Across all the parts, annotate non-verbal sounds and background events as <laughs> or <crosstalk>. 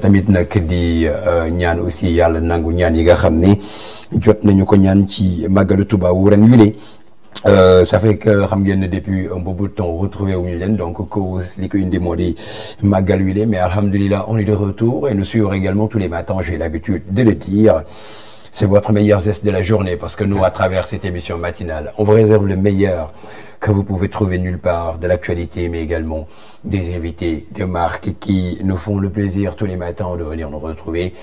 tamit nak di euh, ñaan aussi yalla nangu ñaan yi nga xamni jot nañu ko ñaan ci màggalu touba wu ren wile Euh, ça fait que xam ngeen depuis un bout de temps retrouvé wuñu len donc cause li ko indi moo di màggal wi mais alhamdoulillah on est de retour et nous suivons également tous les matins j'ai l'habitude de le dire c'est votre meilleur zeste de la journée parce que nous, à travers cette émission matinale, on vous réserve le meilleur que vous pouvez trouver nulle part, de l'actualité, mais également des invités, des marques qui nous font le plaisir tous les matins de venir nous retrouver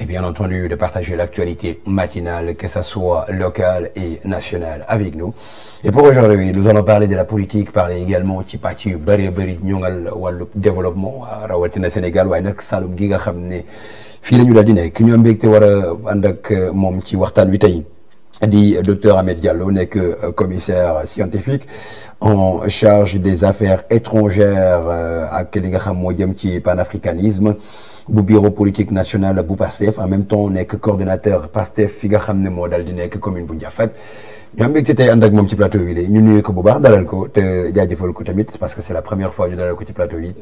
et bien entendu de partager l'actualité matinale, que ça soit locale et nationale, avec nous. Et pour aujourd'hui, nous allons parler de la politique, parler également du parti politique, développement Sénégal la fii la ñu daal di nekk ñu am mbégte war euh, ci waxtan wi tay di docteur Ahmed Diallo nek euh, commissaire scientifique en charge des affaires étrangères euh, ak li nga xam mo jëm ci panafricanisme bu bureau politique national bu PASTEF en même temps nek coordinateur PASTEF fi nga xam ne moo daal di nekk commune bu Ndiaffate ñu am tay andak mom ci plateau bi ñu nuyu ko bu baax dalal ko te jaajëfal ko tamit parce que c'est la première fois ñu dalal ko ci plateau yi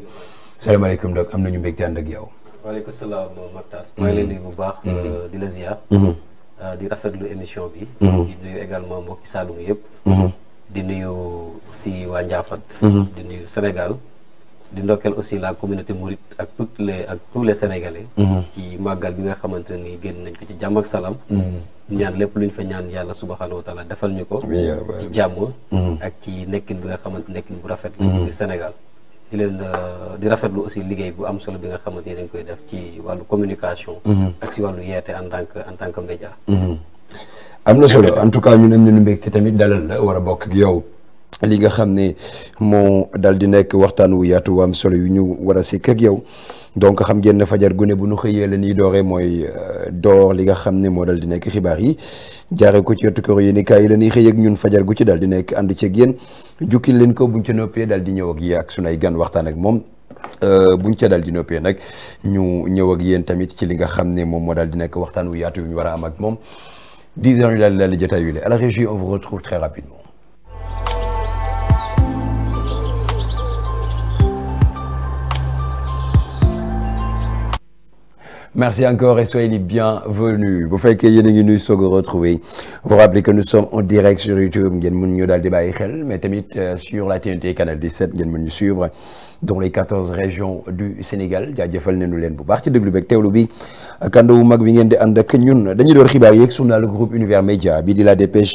salam donc am amna ñu ànd andak yow. waaleykum salaam Makhtar. Mm-hmm. maa ngi leen di nuyu bu baax. Mm-hmm. Euh, di la ziar. Mm-hmm. Euh, di lu émission bi. di nuyu également mbokki Saloum yëpp. di nuyu si waa Ndiaffate. di nuyu Sénégal. di ndokkeel aussi la communauté mouride ak toutes les ak ci màggal bi nga xamante ne génn nañ ko ci jàmm ak salaam. ñaan lépp lu fa ñaan yàlla subhaanahu wa taala defal ñu ko. ci jàmm. ak ci nekkin bi nga xamante nekkin bu rafet la. ci Sénégal. di leen euh, di rafetlu aussi liggéey bu am solo bi nga xamante ni dañ koy def ci wàllu communication. Mhm. ak si wàllu yeete en tant que en tant que média. Mhm. am na solo en tout cas mu nu nañu te tamit dalal la war a bokk yow. li nga xamné mo dal di nek waxtan wu yatu am solo yu ñu wara a sekk ak yow donc xam ngeen ne fajar gune bu ñu xeyé la ñuy dooree mooy euh, dor li nga xamné mo dal di nek xibaar yi jaaree ko ci yottu ko yéen kay kaay yi la ñuy xëy ak ñun fajar gu ci dal di nekk ànd ceeg yéen jukkil leen ko buñ ci noppé dal di ñëw ak yi ak sunay gan waxtan ak mom euh buñ ci dal di noppé nak ñu ñëw ak yeen tamit ci li nga xamné mom mo dal di nek waxtan wu yatu yu ñu war am ak mom 10 heures ñu daal di daal yu la à la régie on vous retrouve très rapidement. Merci encore et soyez les bienvenus. Vous faites que a nous nuy retrouver vous rappelez que nous sommes en direct sur YouTube Nous sommes en direct mais euh, sur la TNT canal 17 nous sommes suivre dans les 14 régions du Sénégal Nous sommes leen bu baax ci déglu Nous sommes bi kàndoo mag bi ngeen di ak ñun door sunu groupe Univers Média bi la dépêche.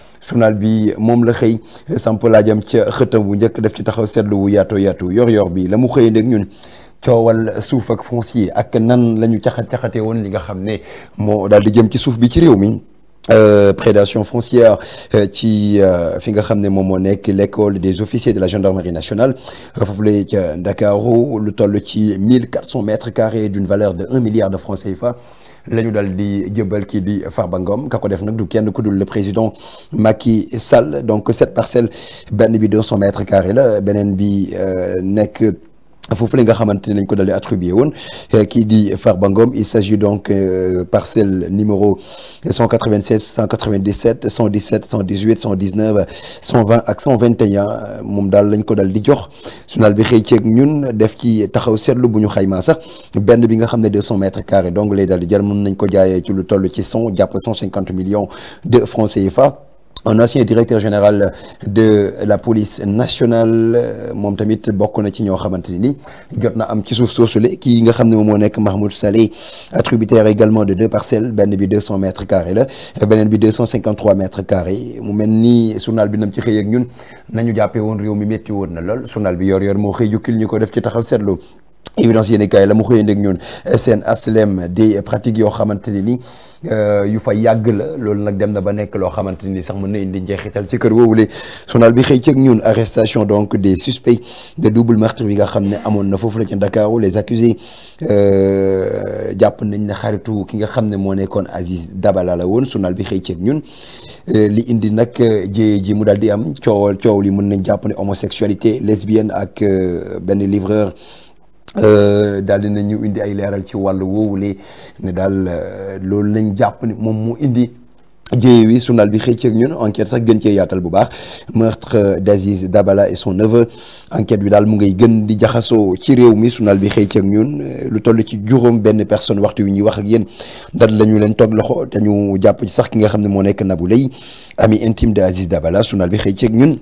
journal bi foncier prédation foncière qui euh, euh, l'école des officiers de la gendarmerie nationale euh, toll mètres carrés d'une valeur de 1 milliard de francs CFA la ñu di jëbal ki di Farbangom, Ngom ka ko def nak du kenn ku dul le président Macky Sall donc cette parcelle ben bi 200 mètres carrés la benen bi euh, nek foofu nga xamante lañ ko dal di attribué woon eh, kii di Farba Ngom il s'agit donc euh, parcelle numéro 196 197 117 118 119 120 ak 121 moom daal lañ ko dal di jox journal bi xëy ceeg ñun def ci taxaw seetlu bu ñu xaymaa sax benn bi nga xam ne 200 mètres carrés donc lay dal di jar mën nañ ko jaayee ci lu toll ci 100 jàpp 150 millions de francs CFA un ancien directeur général de la police nationale mom tamit bokk na ci ño xamanteni ne ni jot am ci suuf soosule ki nga xam mo nek Mahmoud Saleh attributaire également de deux parcelles ben bi 200 mètres carrés la benen bi 253 mètres carrés mu melni ni journal bi nam ci xey ak ñun nañu jappé won réew mi metti won na lol, journal bi yor yor mo xey jukkil ñu def ci taxaw seetlu évidence yéen kaay la mu xëyandeeg ñun seen aslem di pratique yoo xamante ne ni euh, yu fa yàgg la loolu nag dem na ba nek lo xamanteni sax mën na indi njeexital ci kër woowule sonal bi xëy ceeg ñun arrestation donc des suspects de double meurtre wi nga xam amon na fofu la ci Ndakaaru les accusés euh japp nañ ne xaritu ki nga xam ne moo Aziz Dabala la woon journal bi xëy ceeg ñun euh, li indi nak euh, jéye ji mu daldi am coowal coow li mën nañ jàpp ne homosexualité lesbienne ak ben livreur Euh, daal dina ñu indi ay leeral ci wàllu woowule ne daal euh, loolu nañ jàpp ni moom mu indi jéye wi sunal bi xëy ceeg ñun enquête sax gën cee yaatal bu baax meurtre d'Aziz Dabala et son neveu enquête bi daal mu ngay gën di jaxasoo ci réew mi sunal bi xëy ceeg ñun euh, lu toll ci juróom benn personne waxtu wi ñuy wax ak yéen dat la ñu leen toog loxo dañu jàpp ci sax ki nga xam ne moo nekk Nabou Leye ami intime de Aziz Dabala sunal bi xëy ceeg ñun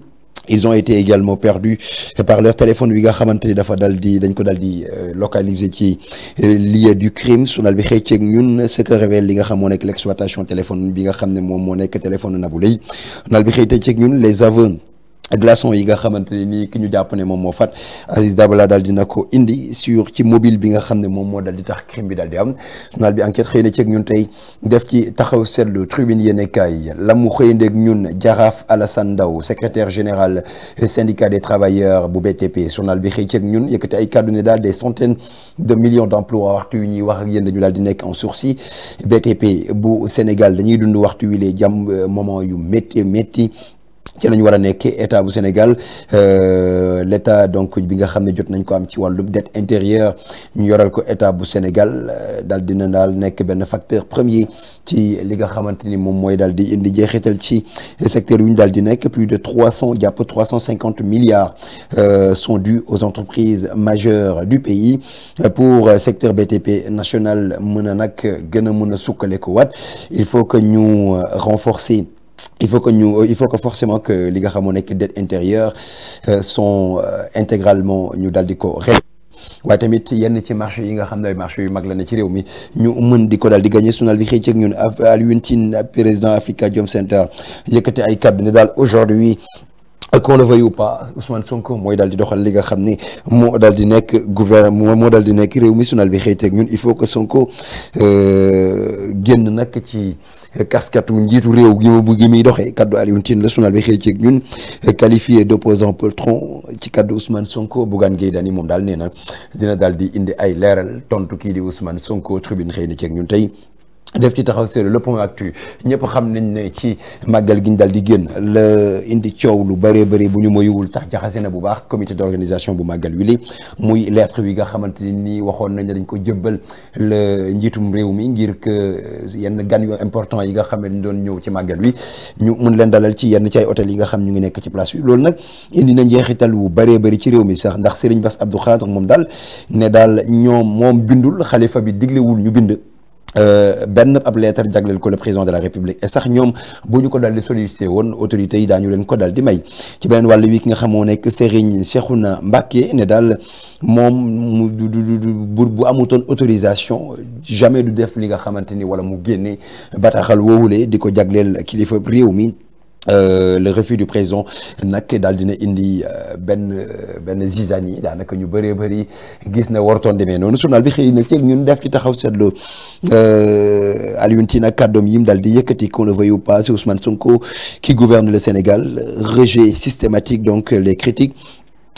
ils ont été également perdus par leur téléphone bi nga xamante dafa daldi dañ ko daldi euh, localiser ci euh, lieu du crime journal bi xëy ñun ce que révèle li nga xam moo l'exploitation téléphone bi nga xamne ne le téléphone Nabou Leye ñun les aveux glaçon yi nga xamanteni ni ki ñu japp ne mom mo fat Aziz Dabala daal dina ko indi sur ci mobile bi nga xamne mom mo moo di tax crime bi daal di am journal bi enquête xeyna ci ak ñun tay def ci taxaw seetlu tribune yéenekaay la mu xëy ak ñun Jaraaf Alassane daw secrétaire général syndicat des travailleurs bu BTP journal bi xey ci ak ñun yëkkati ay kàddu ne dal des centaines de millions d'emplois waxtu ñi wax ak yéen dañu daal di nekk en sursis BTP bu Sénégal dañuy dund waxtu wi les jam euh, moment yu metti metti ci lañ wara a état bu Sénégal euh l'état donc bi nga xamné jot nañ ko am ci walu dette intérieure ñu yoral ko état bu Sénégal euh, dal dina dal nekk ben facteur premier ci li nga xamanteni mom moy dal di indi jeexital ci secteur yu ñu daal di nekk plus de 300 cent 350 milliards euh sont dus aux entreprises majeures du pays euh, pour euh, secteur BTP national mëna nak gëna mëna sukkalé ko wat il faut que ñu renforcer il faut que ñu il faut que forcément que li nga xamoo nekk dette intérieure euh, sont euh, intégralement ñu dal di ko régler tamit yenn ci marché yi nga xamné ne marché yu mag la né ci réew mi ñu mën di ko di gagné sunal bi xëy ceeg ñun Alioune Tine président jom Center yëkkati ay kàddu ne dal aujourd'hui qu'on le veuille pas Ousmane Sonko mooy daal di doxal li nga xam ni moo daal di nekk gouvernement moo daal di nekk réew sunal bi xëy teeg ñun il faut que Sonko euh, génn nag ci casquette wu njiitu réew gi ma bëgg muy doxee kaddu Alioune Tine sunal bi xëy teeg ñun qualifié d'opposant poltron ci kaddu Ousmane Sonko Bougane Gueye Dany moom daal nee na dina daal di indi ay leeral tontu kii di Ousmane Sonko tribune xëy na ceeg ñun tey def ci taxaw seetlu le point actu ñëpp xam nañ ne ci màggal gi daal di génn la indi coow lu bare bëri bu ñu moyuwul sax jaxase na bu baax comité d'organisation bu màggal wi li muy lettre yi nga xamante ne nii waxoon nañ ne dañ ko jëbbal le njiitum réew mi ngir que euh, yenn gan yu important yi nga xam ne doon ñëw ci màggal wi ñu mun leen dalal ci yenn ci ay hôtel yi nga xam ñu ngi nekk ci place bi loolu nag indi na njeexital wu bëree bëri ci réew mi sax ndax Serigne Bass Abdou Khadre moom daal ne daal ñoom moom bindul xalifa bi diglewul ñu bind ben ab leetar jagleel ko le président de la république et sax ñom buñu ko dal di sollicité won autorités yi dañu leen ko dal di may ci beneen walu wi ki nga xamone nekk Serigne Cheikhouna Mbacké ne dal mom du bur bu amutoon autorisation jamais du def li nga xamante ni wala mu génne bataxal wowulé di ko jagleel kilifa rewmi euh, le refus du président n'a que dina indi ben ben zizanie yi daanaka ñu bëree bëri gis na wartoon démé noonu journal bi xëy na ceeg ñun def ci taxaw seetlu euh Tine ak yim daal di qu'on le veuille pas c'est Ousmane Sonko qui gouverne le Sénégal rejet systématique donc les critiques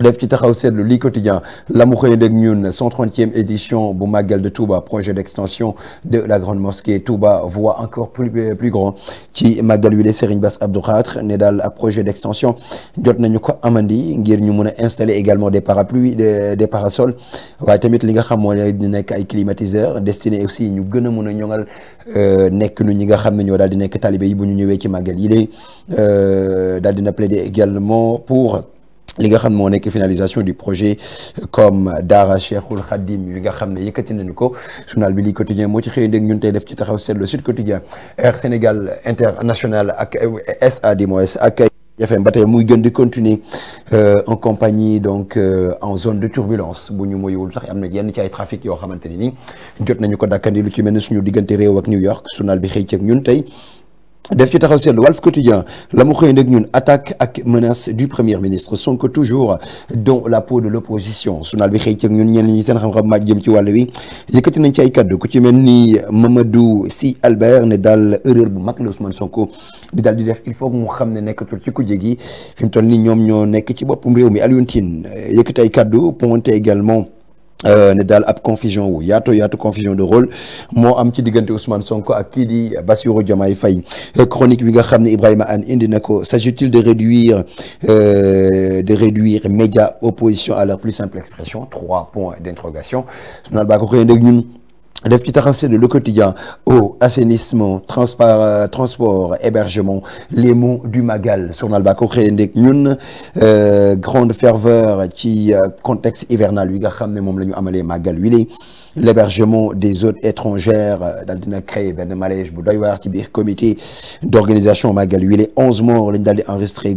def ci taxaw seetlu li quotidien la mu xëy dégg ñun 130e édition bu màggal de Touba projet d'extension de la grande mosquée Touba voit encore plus euh, plus grand ci màggal wi de Serigne Bass projet d'extension jot nañu ko amandi ngir ñu mën installer également des parapluies des parasols waaye tamit li nga xam moo di ay climatiseurs destinés aussi ñu gën a mën a ñoŋal euh, nekk ñi nga xam ñoo daal di nekk talibé bu ñu ñëwee ci màggal yi euh, plaider également pour li nga xamne mo nek finalisation du projet comme Daara cheikhoul Khadim bi nga xamne ne nañu ko journal bi li quotidien mo ci xey ndek ñun tay def ci taxaw le Sud Quotidien Air Sénégal International ak SAD mooy ak jafeem batay muy gën di continuer euh, en compagnie donc euh, en zone de turbulence bu ñu moyul sax amna yenn ci ay trafic yo xamanteni ni jot nañu ko dakkandi lu ci mel ne suñu digënté réew ak New York journal bi xey ci ñun tay def ci taxaw Wolf Walf Quotidien la mu xëy attaque ak menace du premier ministre que toujours dans la peau de l'opposition son bi xëy ci ñun ñenn ñi seen xam-xam ni Mamadou si Albert Nedal, daal Maklos bu Nedal Sonko di il faut mu xam ne nekkatul ci kujje gi fi ni ñoo également euh, ne nedal ab confusion ou yato yato confusion de rôle Moi, am ci Ousmane Sonko ak ki di Bassirou Diomaye Faye euh, chronique bi nga xamné Indinako. s'agit-il de réduire euh, de réduire média opposition à leur plus simple expression trois points d'interrogation ba ko xëy ñun def ci taxaw de le quotidien eau assainissement euh, transport hébergement les mots du Magal sur ba ko grande ferveur qui euh, contexte hivernal lui nga xam ne moom Magal wi l'hébergement des autres étrangères euh, dans le créé ben, malège, bu doy comité d'organisation Magal wi les 11 morts lañ daal enregistré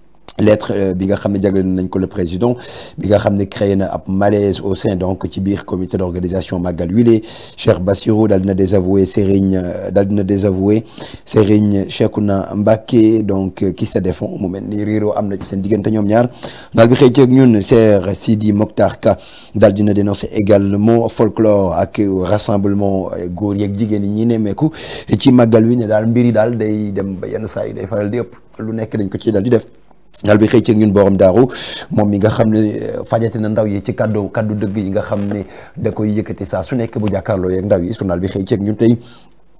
L'être euh, bi nga xamné ne nañ ko le président bi nga xamné créé na ab malaise au sein donc ci biir comité d'organisation Magal wilé Cheikh Bassirou dal dina désavoué Serigne euh, dal dina désavoué Serigne Cheikhouna Mbacké donc euh, qui se défend mu mel ni réeroo am ci sen diggante ñom ñaar dal bi xëy ceeg ñun Cheikh Sidi Mokhtar Ka dal dina dénoncer également folklore ak rassemblement góor yeeg jigéen ñi néméku ci Magal wi né dal mbiri dal day dem ba yenn saa day faral di ëpp lu nekk dañ ko ci di def ñal bi xëy ci ñun borom daaru moom mi nga xam ne euh, fajati na ndaw yi ci kaddu kaddu dëgg yi nga xam ne da koy yëkkati saa su nekk bu jàkkaarloo yeeg ndaw yi journal bi xëy ci ñun tey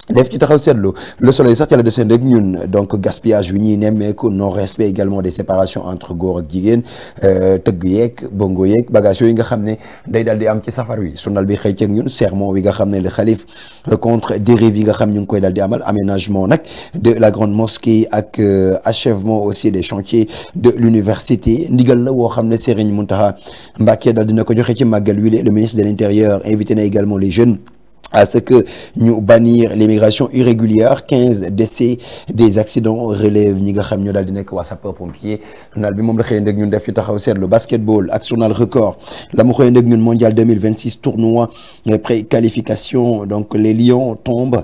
def ci taxaw seetlu le soleil sax ci la deseen rek ñun donc gaspillage bi ñuy nemmeeku non respect également des séparations entre góor ak euh teug yek bongo yek bagage yi nga xamné day daal di am ci safar wi sunnal bi xey ci ñun sermon wi nga xamné le khalife euh, contre dérive yi nga xam ñu koy daal di amal aménagement nak de la grande mosquée ak euh, achèvement aussi des chantiers de l'université ndigal la wo xamné Serigne Mountakha Mbacké daal dina ko joxe ci magal wi le ministre de l'intérieur invité na également les jeunes à ce que nous bannir l'immigration irrégulière 15 décès des accidents relève ñi nga xam à pompier journal bi moom la ñun def basketball ak record la mu de mondial 2026 tournoi pré-qualification donc les lions tombent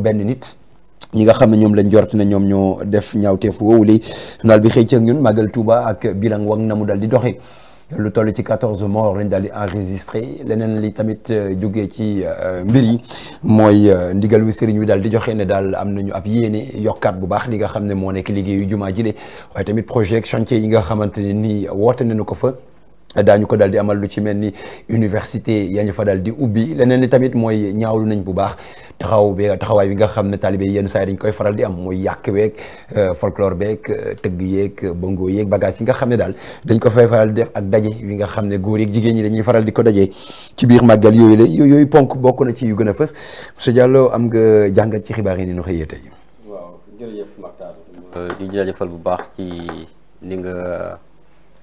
benn nit. ñi nga xam ne ñoom lañ jort na ñoom ñoo def ñaawteef woowu li naal bi xëy ci ak ñun màggal Touba ak bilan wang na mu daal di doxee lu toll ci 14 morts lañ daal di enregistré leneen li tamit euh, jógee ci euh, mbir yi mooy euh, ndigal wi sëriñ wi daal di joxe ne daal am nañu ab yéene yokkaat bu baax li nga xam ne moo nekk liggéeyu jumaa jile waaye tamit projet chantier yi nga xamante ne nii woote nañu ko fa daañu ko daal di amal lu ci mel ni université yaa ñu fa daal di ubbi leneen li tamit mooy ñaawlu nañ bu baax taxaw be taxawaay bi nga xam ne taalibe yenn saa yi dañ koy faral di am mooy yàq weeg euh, folklore beeg euh, tëgg yeeg bongo yeeg bagage yi nga xam ne daal dañ ko fay faral def ak daje yi nga xam ne góor yeeg jigéen ñi dañuy faral di ko daje ci biir màggal yooyu la yooyu ponk bokku na ci yu gën a fës su Diallo am nga jàngat ci xibaar yi ni nu xëyee tey. waaw jërëjëf euh, di jërëjëfal bu baax ci li nga.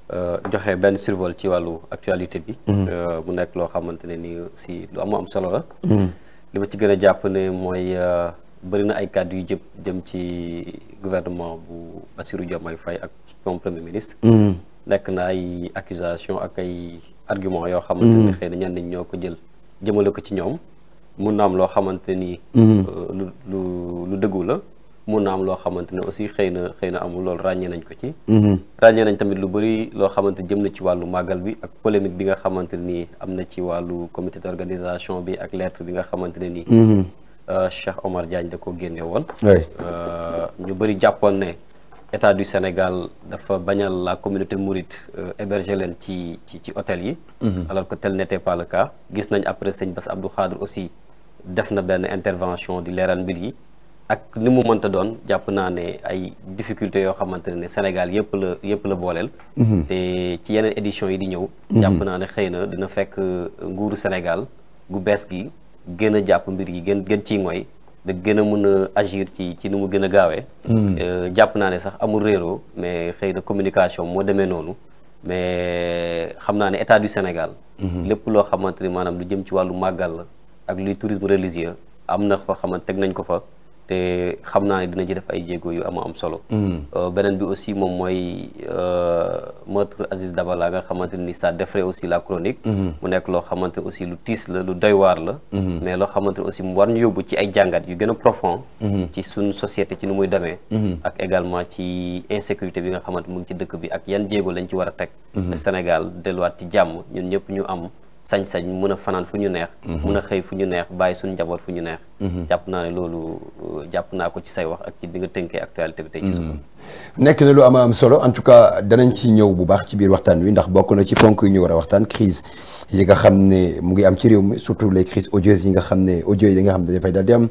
Eh, joxe benn survol ci wàllu actualité bi. Mhm. Eh, mu nekk loo xamante ni si lu am am solo la. Mhm. li ma ci gën a ne mooy eh, bëri na ay kàddu yu jëm jëm ci gouvernement bu Bassirou Diomaye Faye ak moom premier ministre. Mhm. nekk na ay accusation ak ay argument yoo xamante ne xëy na ñenn jël jëmale ko ci ñoom mun na am ni. lu lu lu la. mun na am loo xamante ne aussi xëy na xëy na amul loolu ràññee nañ ko ci. Mm-hmm. ràññee nañ tamit lu bëri loo xamante jëm na ci wàllu màggal bi ak polémique bi nga xamante ni am na ci wàllu comité d'organisation bi ak lettre bi nga xamante ne nii. Mm-hmm. Euh, Cheikh Omar Diagne da ko génne woon. Euh, ñu bëri jàppoon ne état du Sénégal dafa bañal la communauté mouride euh, héberger leen ci ci ci hôtel yi. Mm-hmm. alors que tel n'était gis nañ après sëñ Bass Abdou Khadre aussi def na benn intervention di leeral mbir yi. ak ni mu mënta doon jàpp naa ne ay difficultés yoo xamante ne Sénégal yëpp la yëpp la booleel. Mhm. te ci yeneen éditions yi di ñëw. Mhm. jàpp naa ne xëy na dina fekk euh, nguuru Sénégal gu bees gi gën a jàpp mbir gi gën gën ci mooy da gën a mën a agir ci ci nu mu gën a gaawee. Mhm. Euh, jàpp naa ne sax amul réero mais xëy na communication moo demee noonu. mais xam naa ne état du Sénégal. lépp loo xamante ni maanaam lu jëm ci wàllu màggal la ak luy tourisme religieux am na fa xamante teg nañ ko fa. te xam naa ne dina ci def ay jéego yu am am solo. Hmm. Euh, beneen bi aussi moom mooy euh, maître Aziz Dabala nga xamante ni ça défraie aussi la chronique. Hmm. mu nekk loo xamante aussi lu tiis la lu doy waar la. Hmm. mais loo xamante aussi mu war ñu yóbbu ci ay jàngat yu gën a profond. ci suñu société ci nu muy demee. ak également ci insécurité bi nga xamante mu ngi ci dëkk bi ak yan jéego lañ ci war a teg. Sénégal delluwaat ci jàmm ñun ñëpp ñu am. sañ-sañ mun a fanaan fu ñu neex mun mhm. a xëy fu ñu neex bàyyi suñ njaboot fu ñu neex mhm. jàpp naa ne loolu jàpp naa ko ci say wax ak ci bi nga tënkee actualité bi tey ci suba mhm. nekk na lu ama am solo en tout cas danañ ci ñëw bu baax ci biir waxtaan wi ndax bokk na ci ponk yu ñu war a waxtaan crise yi nga xam ne mu ngi am ci réew mi surtout les crises odieuses yi nga xam ne audio yi nga xam ne dafay daal di am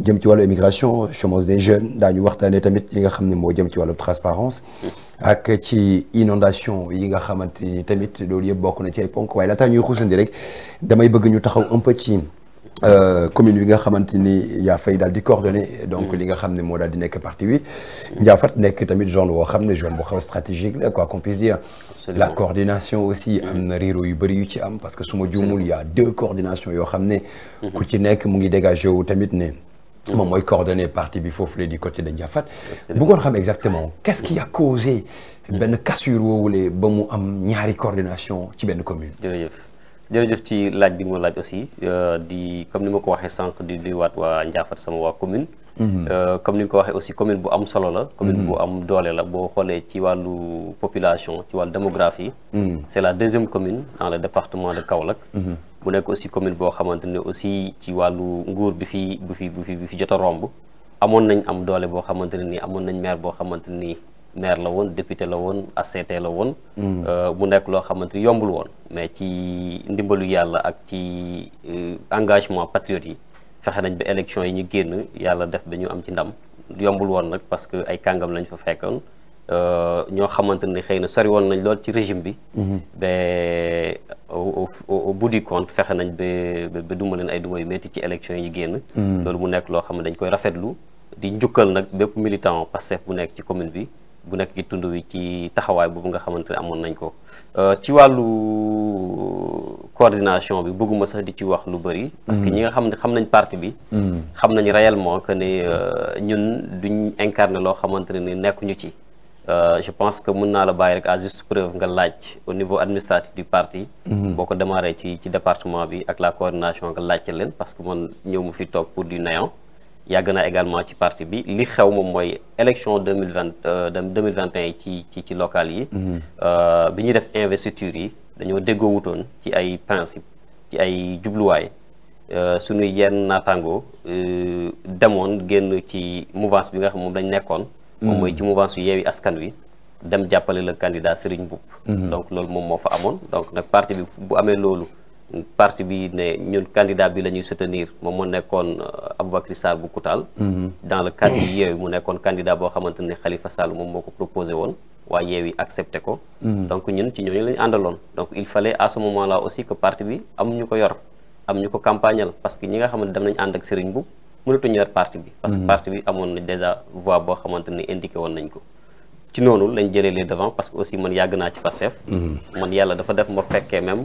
jëm ci walu immigration chomose des jeunes daañu waxtaanee tamit yi nga xam mo moo jëm ci walu transparence ak ci inondation yi nga xamante tamit loolu yeb bokk na ci ay ponk way la laataa ñuy xuusandi rek damay bëgg ñu taxaw un peu ci euh commune yi nga xamante ya fay dal di coordonner donc li nga xam mo dal di nek parti bi Ndiaffate nek tamit zone wo xam ne zone boo xam stratégique la quoi qu'on puisse dire la coordination aussi am na réero yu bari yu ci am parce que suma ma ya deux coordination yo xam mm-hmm. ku ci nek mu ngi dégager wu tamit ne moom mooy coordonné parti bi du côté de Ndiafat bëggoon xam exactement qu'est-ce qui a causé mm. benn cassure woowule ba mu am ñaari coordination ci benn commune jërëjëf jërëjëf ci laaj bi nga ma laaj aussi euh, di comme ni ma ko waxee sànq di nuyuwaat waa Ndiafat sama waa commune Mm-hmm. Euh, comme ni nga ko waxee aussi commune bu am solo la. Mm-hmm. commune bu am doole la boo xoolee ci wàllu population ci wàllu démographie. Mm-hmm. c' est la deuxième commune dans le département de Kaolack. bu nekk aussi commune boo xamante ne aussi ci wàllu nguur bi fi bu fi bu fi bi fi jot a romb amoon nañ am doole boo xamante ne nii amoon nañ maire boo xamante ne nii maire la woon député la woon ACT la woon. bu euh, nekk loo xamante ni yombul woon mais ci ndimbalu yàlla ak ci euh, engagement patriote yi. fexe nañ ba élection yi ñu génn yàlla def ba ñu am ci ndam yombul woon nag parce que ay kàngam lañ fa fekkoon euh, ñoo xamante ne xëy na sori woon nañ lool ci régime bi. Mhm. ba au bout du fexe nañ ba ba duma leen ay duma yu métti ci élection yi ñu génn. Mhm. loolu mu nekk loo xam ne dañ koy rafetlu di njukkal nag bépp militant Pastef bu nekk ci commune bi bu nekk ci tund wi ci taxawaay boobu nga xamante ne amoon nañ ko. Euh, ci wàllu euh, coordination bi bëgguma sax di ci wax lu bëri. parce que mm. ñi nga xam ne xam nañ parti bi. Mm. xam nañ réellement que ne euh, ñun duñ incarné loo xamante ne nekkuñu ci. je pense que mun naa la bàyyi rek à juste preuve nga laaj au niveau administratif du parti. Mm-hmm. boo ko demaree ci ci département bi ak la coordination nga laajte leen parce que man ñëw mu fi toog pour du néant. y a également ci parti bi li xew mom moy élection 2021 qui qui ci ci local yi. Mm-hmm. Euh, def investiture yi dañu ci ay principe ci ay euh suñu yenn euh mouvement. ci mouvance bi nga xam dañ mm-hmm. ci mouvance le candidat Serigne mm-hmm. donc lool mom fa donc nak parti bi bu amé parti bi ne ñun candidat bi la ñuy soutenir moom mu nekkoon euh, Aboubacry Sarr bu Koutal. Mm-hmm. dans le cadre yi Yewwi mu nekkoon candidat boo xamante ne Khalifa Sall moom moo ko proposé woon waa Yewwi accepté ko. Mm-hmm. donc ñun ci ñooñu la àndaloon. donc il fallait à ce moment aussi que parti bi am ñu ko yor am ñu ko campagnal parce que ñi nga xam ne dem nañu ànd ak Serigne Mboup mënatuñu yor parti bi. parce que mm-hmm. parti bi amoon na déjà voix boo xamante ne indiqué woon nañ ko. ci noonu lañ jëlee les devant parce que aussi man yàgg naa ci Pastef. man dafa def ma fekkee même.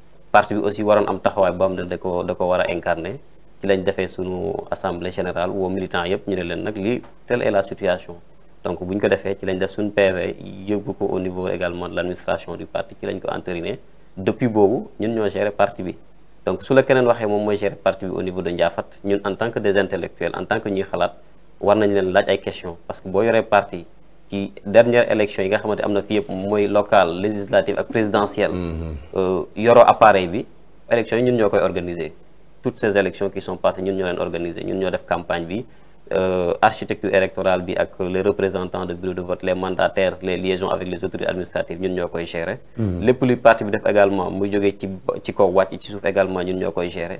parti bi aussi waroon am taxawaay boo xam ne da ko da ko a incarné ci lañ defee sunu assemblée générale woo militant yëpp ñu ne leen nag lii telle est la situation donc bu ko defee ci lañ def suñu PV yóbbu ko au niveau également de l' du parti ci lañ ko entériné depuis boobu ñun ñoo gérer parti bi donc su la keneen waxee moom mooy gérer parti bi au niveau de Ndiaffate ñun en tant que des intellectuels en tant que ñuy xalaat war nañ leen laaj ay question parce que boo yoree qui dernière élection yi nga locales, législatives et présidentielles local législatif, ak mhm. euh, appareil bi élection nous ñun ñoo pas organiser toutes ces élections qui sont passées ñun ñoo leen organiser ñun ñoo def campagne bi euh, architecture électorale bi ak les représentants de bureau de vote les mandataires les liaisons avec les autorités administratives nous ñoo koy gérer. Mhm. lépp luy parti bi également également ñun gérer.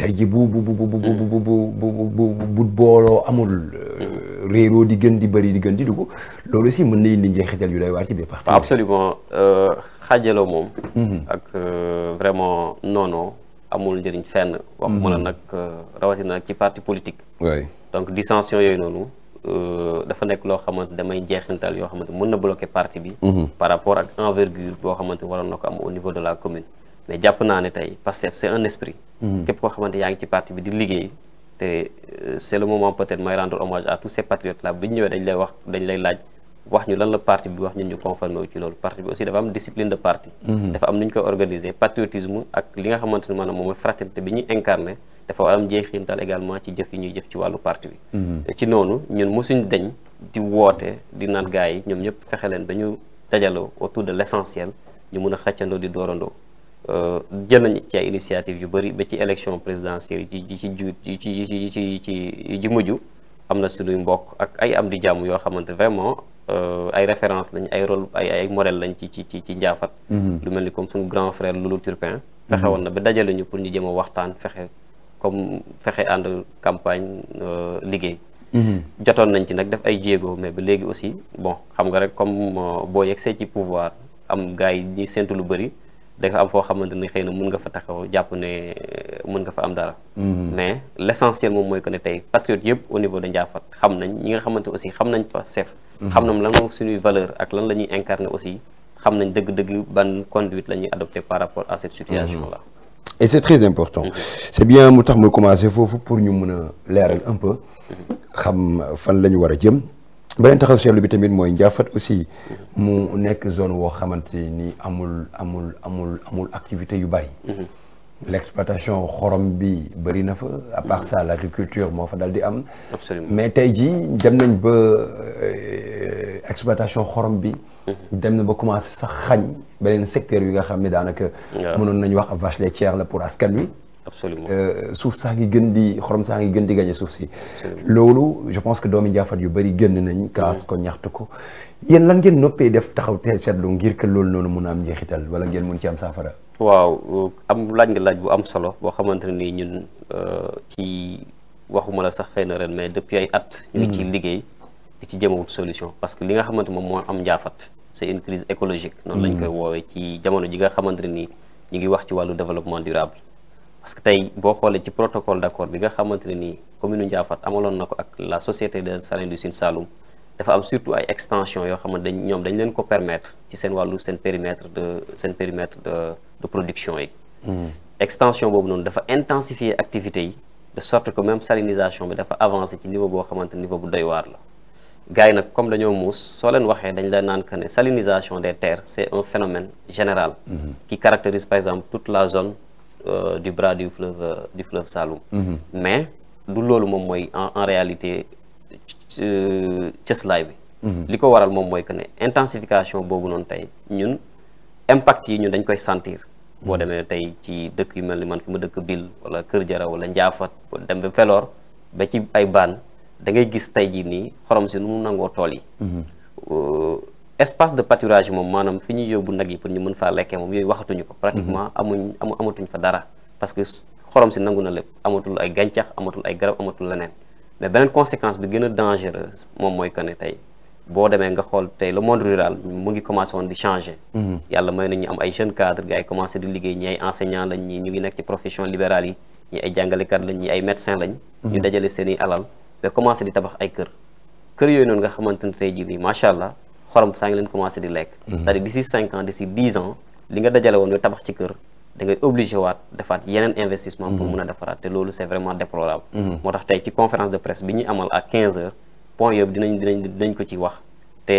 tey ji bu hmm. bu bu bu bu bu bu booloo amul. Hmm. Euh, réeroo di gën di bari di gën di dugg loolu si mën na indi njeexital yu lay waar ci biir parti. absolument euh, xaajaloo moom. Hmm. ak euh, vraiment noonu amul njëriñ fenn. waxuma la nag rawatina nag ci parti politique. donc dissension yooyu noonu. dafa nekk loo xamante damay jeexintal yoo xamante mën na bloquer parti bi. par rapport ak envergure boo xamante waroon na ko am au niveau de la commune. mais jàpp naa ne tey Pastef c'est un esprit. Mm. képp koo xamante yaa ngi ci parti bi di liggéey. te euh, c'est le moment peut-être may rendre hommage a tous ces patriotes là bi ñu dañ lay wax dañ lay laaj wax ñu lan la parti bi wax ñun ñu conformé wu ci loolu parti bi aussi dafa am discipline de parti. Mm-hmm. dafa am nu ñu koy organiser patriotisme ak li nga xamante ne maanaam moom fraternité bi ñuy incarné dafa war am njeexintal également ci jëf yi ñuy jëf ci wàllu mm-hmm. woote di naan gars yi ñoom ñëpp fexe leen ba ñu dajaloo autour de l'essentiel ñu mun a xëccandoo di doorandoo. jël nañ ci ay initiative yu bëri ba ci élection présidentielle yi ci ju yi ci yi ci yi ci ji mujj am na suñuy mbokk ak ay am di jàmm yoo xamante vraiment ay référence lañ ay rôle ay ay modèle lañ ci ci ci ci njaafat lu mel ni comme suñu grand frère lu Turpin fexe woon na ba dajale ñu pour ñu jëm waxtaan fexe comme fexe ànd campagne liggéey jotoon nañ ci nag def ay jéego mais ba léegi aussi bon xam nga rek comme boo yegsee ci pouvoir am gars yi ñuy séntu lu bëri da nga am foo xamante ni xëy na mën nga fa taxaw jàpp ne mën nga fa am dara. Mhm. mais l' essentiel moom mooy que ne tey patriote yëpp au niveau de Ndiaffate xam nañ ñi nga xamante aussi xam nañ chef. Mhm. xam nañ lan moo suñuy valeur ak lan la ñuy incarné aussi xam nañ dëgg-dëgg ban conduite la ñuy adopté par rapport à cette situation là. et c' est très important. Mhm. c' est bien mu tax mu commencé foofu pour ñu mën a leeral un peu. xam fan la ñu war a jëm ben taxaw seetlu bi tamit moy Ndiaffate aussi mu nek zone wo xamanteni ni amul amul amul amul activité yu bari. Mm-hmm. l'exploitation xorom bi bari na fa. à part ça l'agriculture mo fa daldi am. mais tay ji dem nañ ba euh, exploitation xorom bi. Mm-hmm. dem na ba commencé sax xagn benen secteur yi nga xamni danaka mënon nañ wax vache laitière la pour askan wi. absolument euh, suuf saa ngi gën di xorom saa ngi gën di gagné suuf si. loolu je pense que doomi njaafat yu bëri génn nañ. kaas ko ñaxtu ko. yéen lan ngeen noppee def taxaw te seetlu ngir que loolu noonu mun a am njeexital wala ngeen mun ci am saafara. waaw am laaj nga laaj bu am solo boo xamante ne nii ñun euh, ci waxuma la sax xëy na ren mais depuis ay at. ñu ngi ciy mm. liggéey di ci jëmawut solution. parce que li nga xamante moom moo am njaafat. c'est une crise écologique. noonu lañ mm. koy woowee ci jamono ji nga xamante ne nii ñu ngi wax ci wàllu développement durable. parce que tay bo xolé ci protocole d'accord bi nga xamanteni ne commune Ndiaffate amalon nako ak la société de Sarin du Sine Saloum dafa am surtout ay extension yo xam ne dañ ñoom dañ leen ko permettre ci sen walu sen périmètre de sen périmètre de de production yi. Hmm. extension bobu non dafa intensifier activité yi de sorte que même salinisation bi dafa avancer ci niveau bo xamanteni niveau bu doy war la. gars nak comme dañoo muus so leen waxee dañ la naan que salinisation des terres c'est un phénomène général. Hmm. qui caractérise par exemple toute la zone. Euh, du bras du fleuve du fleuve Saloum. Mhm. mais du loolu moom mooy en en réalité cëslaay euh, bi. Mhm. li ko waral moom mooy que ne intensification boobu noonu tey ñun impact yi ñun dañ koy sentir. boo mhm. demee tey ci dëkk yu mel ni man fi ma dëkk Bil wala Kër Jara wala Njaafat dem ba Feloor ba ci ay baan da ngay gis tey jii nii xorom si nu mu nangoo tool yi. Euh, espace de pâturage mom manam fiñu ñuy nag yi pour ñu mën fa lekkee mom yoy waxatu ñuko pratiquement mhm. amuñ amu amatuñ fa dara parce que xorom si nanguna lepp lépp amatul ay gàncax amatul ay garab amatul leneen mais benen conséquence bi gëna dangereuse mom moy que tay bo démé nga xol tay le monde rural mo ngi commencé woon di changer mhm. yalla may nañu am ay jeunes cadres gars commencé di liggéey ñi ay enseignants lañ ñi ñu ngi nekk ci profession libérale yi ñi ay kat lañ ñi ay médecin lañ ñu mhm. dajalé seen alal ba commencé di tabax ay kër kër yoy non nga xamante tay ji bi machallah xorom saa ngi leen commencé di lekk mhm. c'est-à-dire d'ici cinq ans d'ici dix ans li nga dajale woon nga tabax ci kër da ngay obligé waat defaat yeneen investissement pour mhm. mun a defaraat te loolu c'est vraiment déplorable mhm. moo tax tey ci conférence de presse bi ñuy amal à quinze heures point yooyu dinañ dinañ ko ci wax te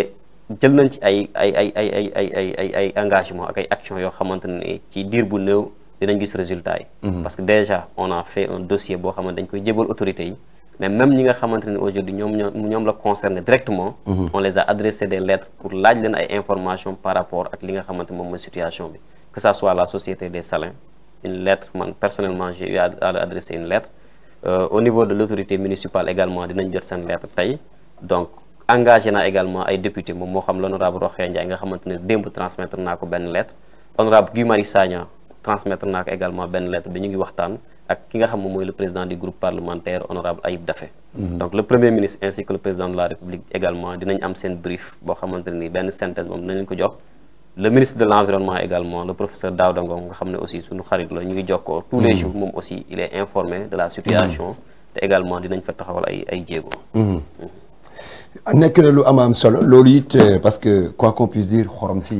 jël nañ ci ay ay ay ay ay ay ay ay ay engagement ak ay action yoo xamante ne ci diir bu néew dinañ gis résultat yi parce que déjà on a fait un dossier boo xamante dañ koy jébal autorités yi mais même ñi nga xamante ne aujourd'hui ñoom ñoom la concerné directement mhm. on les a adressé des lettres pour laaj leen ay informations par rapport à li nga xamante moom situation bi que ça soit la société des salins une lettre man personnellement j'ai eu à adresser une lettre euh, au niveau de l'autorité municipale également dinañ jot seen lettre tey donc engagé naa également ay député moom moo xam l'honorable Rokhaya Ndiaye nga xamante démb transmettre naa ko lettre honorable Guy Sagna transmettre également ben lettre dañu ngi waxtaan ak ki nga xam le président du groupe parlementaire honorable Ayib dafé mhm. donc le premier ministre ainsi que le président de la république également dinañ am un brief bo xamanteni ben benn synthèse moom dinañ ko jox le ministre de l'environnement également le professeur Daouda Ngom nga xamné aussi suñu xarit la ñu ngi tous les mhm. jours mom aussi il est informé de la situation mhm. et également dinañ fa taxawal ay ay jéego nek na lu am am solo lolu euh, parce que quoi qu'on puisse dire xorom si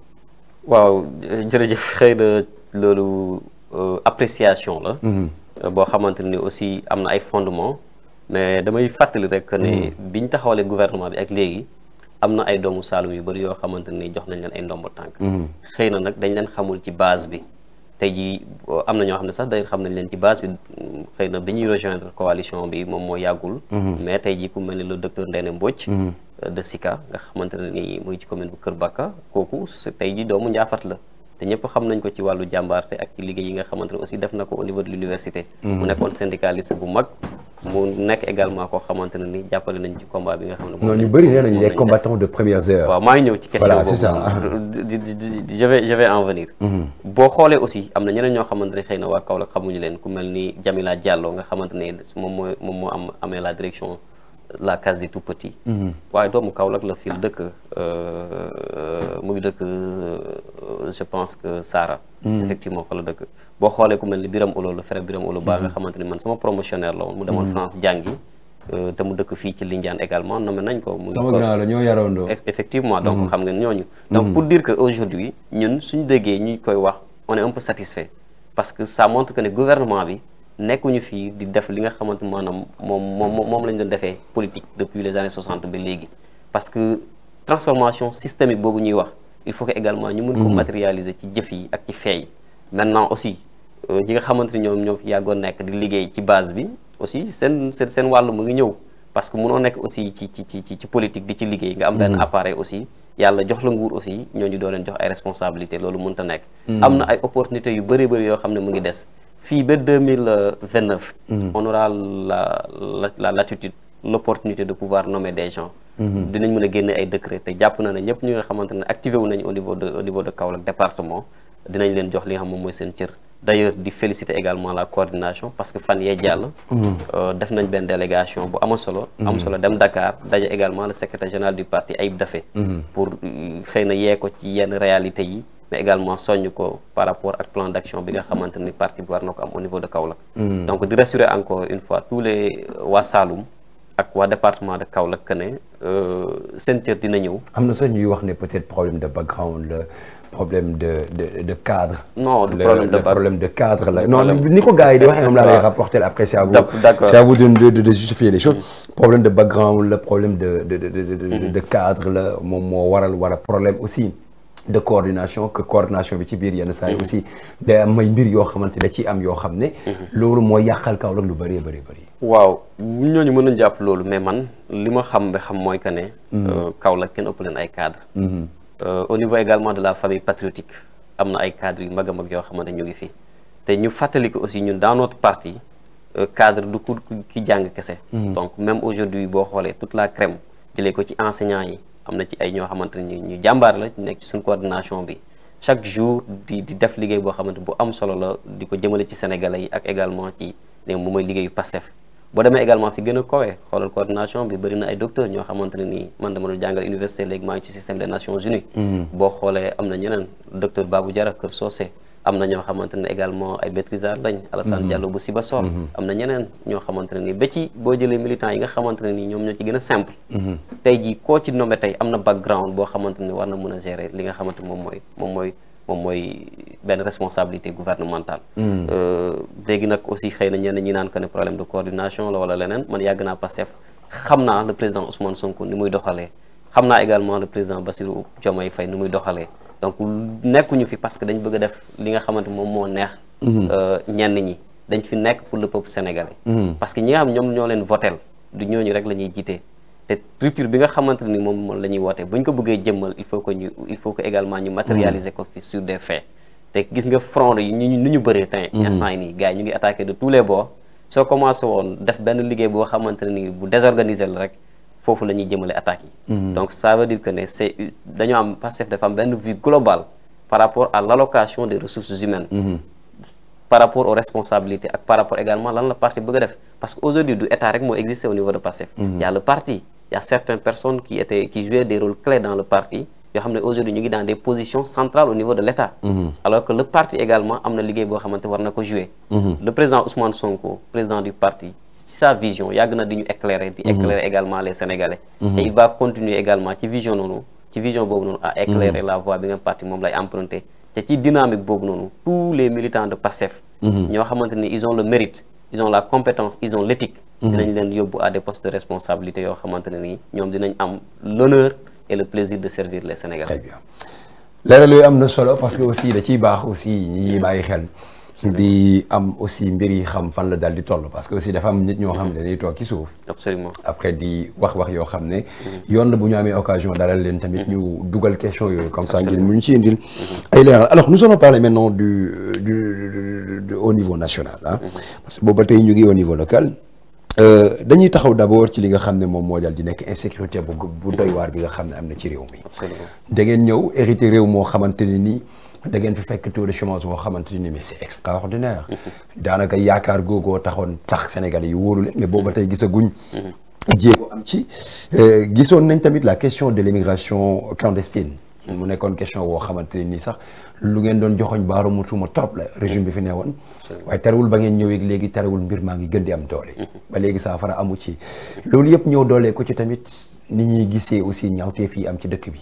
waaw jërëjëf xëy na loolu euh, appréciation la. Mhm. boo xamante ni aussi am na ay fondement mais damay fàttali rek que ne mhm. biñ taxawalee gouvernement bi ak léegi am na ay doomu Saalum yu bëri yoo xamante ni jox nañ leen ay ndombo tànk. Mhm. xëy na nag dañ leen xamul ci base bi tey jii euh, am na ñoo xam ne sax dañ xam nañ leen ci base bi xëy na bi rejoindre coalition bi moom moo yàggul. mais tey jii ku mel ni le docteur Ndene Mbodj. de Sika nga xamante ne ni muy ci commune bu Kër Bakka kooku tey ji doomu Njaafat la te ñëpp xam nañ ko ci wàllu jàmbaarte ak ci liggéey yi nga xamante ne aussi def na ko au niveau de l'université mhm. mu nekkoon syndicaliste bu mag mu nekk également koo xamante ne ni jàppale nañ ci combat bi nga xam ne non ñu bëri nee nañ les combattants ñëw ci question voilà c'est ça je vais je vais en venir mhm. boo xoolee aussi am na ñeneen ñoo xamante ne xëy na waa Kaolack xamuñu leen ku mel ni Jamila Diallo ne moom mooy moom moo am amee la direction la case des tout petits. Mhm. waaye doomu Kaolack la fii dëkk euh, de euh, que je pense que Sara. Mhm. effectivement fa la deuk bo xolé ku melni Biram frère Biram ba nga mhm. man sama promotionnaire la mu France Jangi, euh, te mu deuk fi ci Lindiane également nommé nañ ko. muy sama effectivement donc xam nga ñoñu donc pour dire que aujourd'hui ñun suñu koy on est un peu satisfait parce que ça montre que le gouvernement bi nekkuñu fii di def li nga xamante maanaam moom moom moom lañ doon defee politique depuis les années 60 ba léegi parce que transformation systémique boobu ñuy wax il faut que également ñu mën ko mhm. matérialiser ci jëf yi ak ci feey maintenant aussi euh, ñi nga xamante ni ñoom ñoo fi yàggoon nekk di liggéey ci base bi aussi seen seen seen wàllu mu ngi ñëw parce que mënoo nekk aussi ci ci ci ci politique di ci liggéey nga am benn mhm. appareil aussi yàlla jox la nguur aussi ñooñu doo leen jox ay responsabilité loolu mënta nekk mhm. am na ay opportunités yu bëri bëri yoo xam ne mu ngi des fii ba mm-hmm. on aura la la la latitude l'opportunité de pouvoir nommer des gens. Mm-hmm. dinañ mën a génne ay décret te jàpp na ne ñëpp ñu nga au niveau de au niveau de Kaolack département dinañ leen jox li nga xam moom mooy seen cër. féliciter également la coordination parce que fan yee jàll. Mm-hmm. Euh, def nañ délégation bu Amosolo, solo. am solo Dakar D'ailleurs également le secrétaire général du parti Aïb Dafé, pour faire euh, na ko ci réalité mais également soññ par rapport au plan d'action bi nga parti au niveau de Kaulak. Hmm. donc de rassurer encore une fois tous les euh, wasalum à ak département de Kaulak que euh, seen cër dina ñëw am peut-être problème de background le problème de de cadre. non le, problème de le problème de cadre non Nico ko gars on di rapporter après c'est à vous. c'est à vous de justifier les choses. Mm. problème de background le problème de de de de de, hmm. cadre le, waral problème aussi. de coordination bi ci biir yenn saa yi mhm. aussi day am mbir yoo xamante da ci am yoo xam ne mhm. loolu mooy yàqal Kaolack lu bëree bëri bëri waaw ñooñu mën nañ jàpp loolu mais man li ma xam ba xam mooy que ne mhm. euh, Kaolack kenn ëpp leen ay cadre euh, au niveau de la famille patriotique am na ay cadres yu mag a mag yoo xamante ñu ngi fi te ñu fàttali ko aussi ñun dans notre parti euh, cadre du ku ki jàng kese donc même aujourd'hui boo xoolee toute la crème jëlee ko ci enseignants yi am na ci ay ñoo xamante ni ñu jàmbaar la nekk ci suñu coordination bi chaque jour di di def liggéey boo xamante bu am solo la di ko jëmale ci sénégalais yi ak également ci ne moom mooy liggéeyu Pastef boo demee également fi gën a kowee xoolal coordination bi bëri ay docteur ñoo xamante ne nii man dama doon jàngal université léegi maa ngi ci système des Nations Unies mm-hmm. boo xoolee am na ñeneen docteur baabu Diarra Kër Socé am na ñoo xamante ne également ay maîtrisards lañ mhm. Alassane Diallo bu si ba sor mhm. am na ñeneen ñoo xamante ne ni ba ci boo jëlee militants yi nga xamante ne nii ñoom ñoo ci gën a simple mhm. tey jii koo ci nommé tey am na background boo xamante ne war na mën a gérer li nga xamante moom mooy moom mooy moom mooy benn responsabilité gouvernementale euh, léegi nag aussi xëy na ñenn ñi naan que ne problème de coordination la wala leneen man yàgg naa Pastef xam naa le président Ousmane Sonko ni muy doxalee xam naa également la président Bassirou Diomaye Faye ni muy doxalee donc nekkuñu fi parce que dañu bëgg def li nga xamante moom moo neex. Mhm. Euh, ñenn ñi dañ fi nekk pour le peuple sénégalais. Mhm. parce que ñi nga xam ñoom ñoo leen votel du ñooñu rek la ñuy jiitee te structure bi nga xamante ni moom moom la ñuy woote bu ñu ko bëggee jëmmal il faut que ñu il faut que également ñu matérialiser ko fi sur des faits te gis nga front yi ñu ñu ñu bëree tey. Mhm. instant yi nii gars yi ñu ngi attaqué de tous les bords soo commencé woon def benn liggéey boo xamante ne nii bu désorganisé la rek. fofu que jëmale hmm. donc ça veut dire que ne c' une vue globale par rapport à l'allocation des ressources humaines. Hmm. par rapport aux responsabilités par rapport également lan la parti bëgg parce qu'aujourd'hui, l'État du état au niveau de hmm. Il y a le parti il y a certaines personnes qui étaient qui jouaient des rôles clés dans le parti. yoo aujourd'hui ñu ngi dans des positions centrales au niveau de l'État alors que le parti également am na liggéey jouer le président Ousmane Sonko président du parti sa vision il y a une éclairer di mhm. éclairer également les sénégalais mhm. et il va continuer également Qui vision nous, qui vision nous à mhm. éclairer la voie bi nga parti à lay emprunter qui dynamique nous tous les militants de PASSEF, ils ont le mérite ils ont la compétence ils ont l'éthique Ils ont à des postes de responsabilité Ils ont l'honneur et le plaisir de servir les Sénégalais. très bien am na solo parce que aussi da ciy baax aussi est di am aussi mbir yi xam fan la daal di toll parce que aussi dafa am nit ñoo xam ne dañuy toog ci absolument après di wax wax yoo xam ne mm. yoon la bu occasion dalal leen tamit mm-hmm. ñu dugal question yooyu comme ça ngir mu ci indil mm-hmm. ay leeral alors nous allons parler maintenant du du au niveau national ah parce que booba tey ñu ngi au niveau local euh, dañuy taxaw d'abord ci li nga xam ne moom moo daal di nekk insécurité bu bu doy waar bi nga xam ne am na ci réew mi da ngeen ñëw hérité réew moo xamante ne da ngeen fi fekk taux de chômage boo xamante ni mais c'est extraordinaire. daanaka yaakaar googoo taxoon tax Sénégalais yi wóolu leen mais booba tey gisaguñ. jéego am ci euh, gisoon nañ tamit la question de l'immigration clandestine. mu nekkoon question boo xamante ni sax lu ngeen doon joxoñ baaru baaraamu tuuma trop la régime bi fi ne woon. waaye terewul ba ngeen ñëwee léegi terewul mbir maa ngi gën di am doole. ba léegi saafara amu ci. loolu yëpp ñëw doole ko ci tamit ni ñuy gisee aussi ñaawteef yi am ci dëkk bi.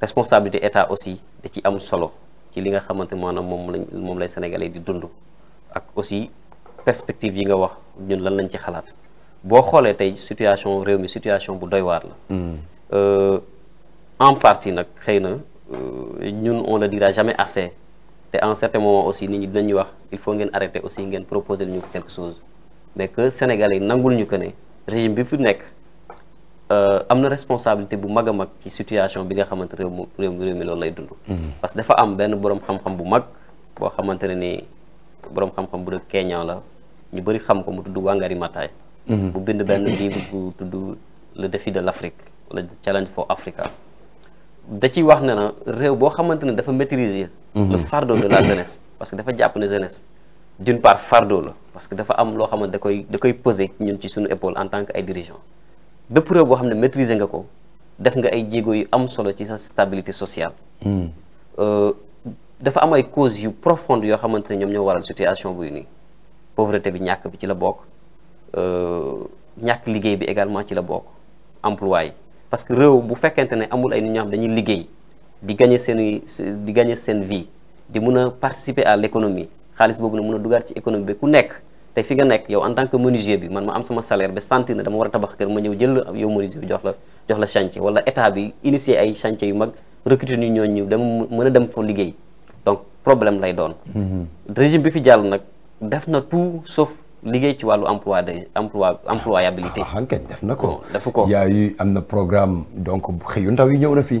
responsabilité état aussi da ci am solo ci li nga xamante maanaam moom lañ moom lay sénégalais di dund ak aussi perspective yi nga wax ñun lan lañ ci xalaat boo xoolee tey situation réew mi situation bu doy waar la. Mm. Euh, en partie nag xëy na euh, ñun on ne dira jamais assez te en certain moment aussi nit ñi dinañu wax il faut ngeen arrêter aussi ngeen proposer ñu quelque chose mais que sénégalais nangul ñu ko ne régime bi fi nekk. Euh, am na responsabilité bu mag a mag ci situation bi nga xamante réew mu réew mi loolu lay dund. Mhm. parce que dafa am benn borom xam-xam bu mag boo xamante ne ni borom xam-xam bu dëkk Kenya la ñu bëri xam ko mu tudd Wangari Maathai. Mhm. bu bind benn livre bu tudd le défi de l' Afrique wala challenge for Africa da ci wax ne na réew boo xamante ne dafa maîtriser. Mhm. le fardeau de la jeunesse parce que dafa jàpp ne jeunesse. d' une part fardeau la parce que dafa am loo xamante da koy da koy peser ñun ci suñu épaule en tant que ay bépp réew boo xam ne maîtriser nga ko def nga ay jéego yu am solo ci sa stabilité sociale. Hmm. Euh, dafa am ay causes yu profondes yoo xamante ne ñoom ñoo waral situation buy nii pauvreté bi ñàkk bi ci la bokk euh, ñàkk liggéey bi également ci la bokk emploi yi parce que réew bu fekkente ne amul ay nit ñoo xam dañuy liggéey di gagner seen di gagner seen vie di mun a participer à l'économie xaalis boobu ne mun a dugaat ci économie bi ku nekk. te fi nga nekk yow en tant que menuisier bi man ma am sama salaire ba sentir ne dama war a tabax kër ma ñëw jël la yow menuisier bi jox la jox la chantier wala état bi initier ay chantier yu mag recruter ñu ñooñu ñëw dama mën a dem fa liggéey donc problème lay doon. Mhm. régime bi fi jàll nag def na tout sof liggéey ci wàllu emploi de emploi employabilité. ah, ah, ah def na ko. dafa ko yaa yi am na programme donc xëyu ndaw yi ñëw na fii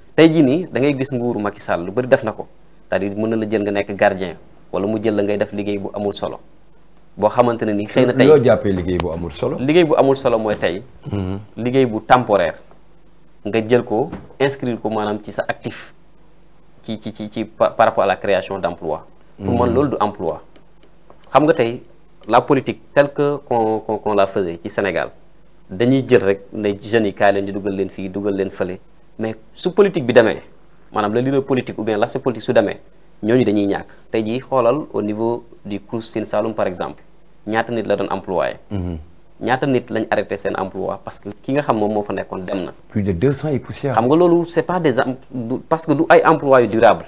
tey jii nii da ngay gis nguuru Macky Sall lu bëri def na ko cest à mën na la jël nga nekk gardien wala mu jël la ngay def liggéey bu amul solo boo xamante ne ni xëy na tey loo jàppee liggéey bu amul solo liggéey bu amul solo mooy tey hmm. liggéey bu temporaire nga jël ko inscrire ko maanaam ci sa actif ci ci ci ci par rapport à la création d'emploi pour man hmm. loolu du emploi xam nga tey la politique telle que qu'on qu'on la faisait ci Sénégal dañuy jël rek ne jeunes yi kaay leen ñu dugal leen fi dugal leen fële mais su politique bi démé manam le leader politique ou bien l'aspect politique su ñoo ñooñu dañuy ñàkk tay ji xolal au niveau du Crous Sine Saloum par exemple ñaata nit la doon employé. Mhm. ñaata nit lañ arrêté sen emploi parce que ki nga xam mom moo fa nekkoon dem na. plus de 200 cent et poussière. xam nga lolu c'est pas des parce que du ay emploi durable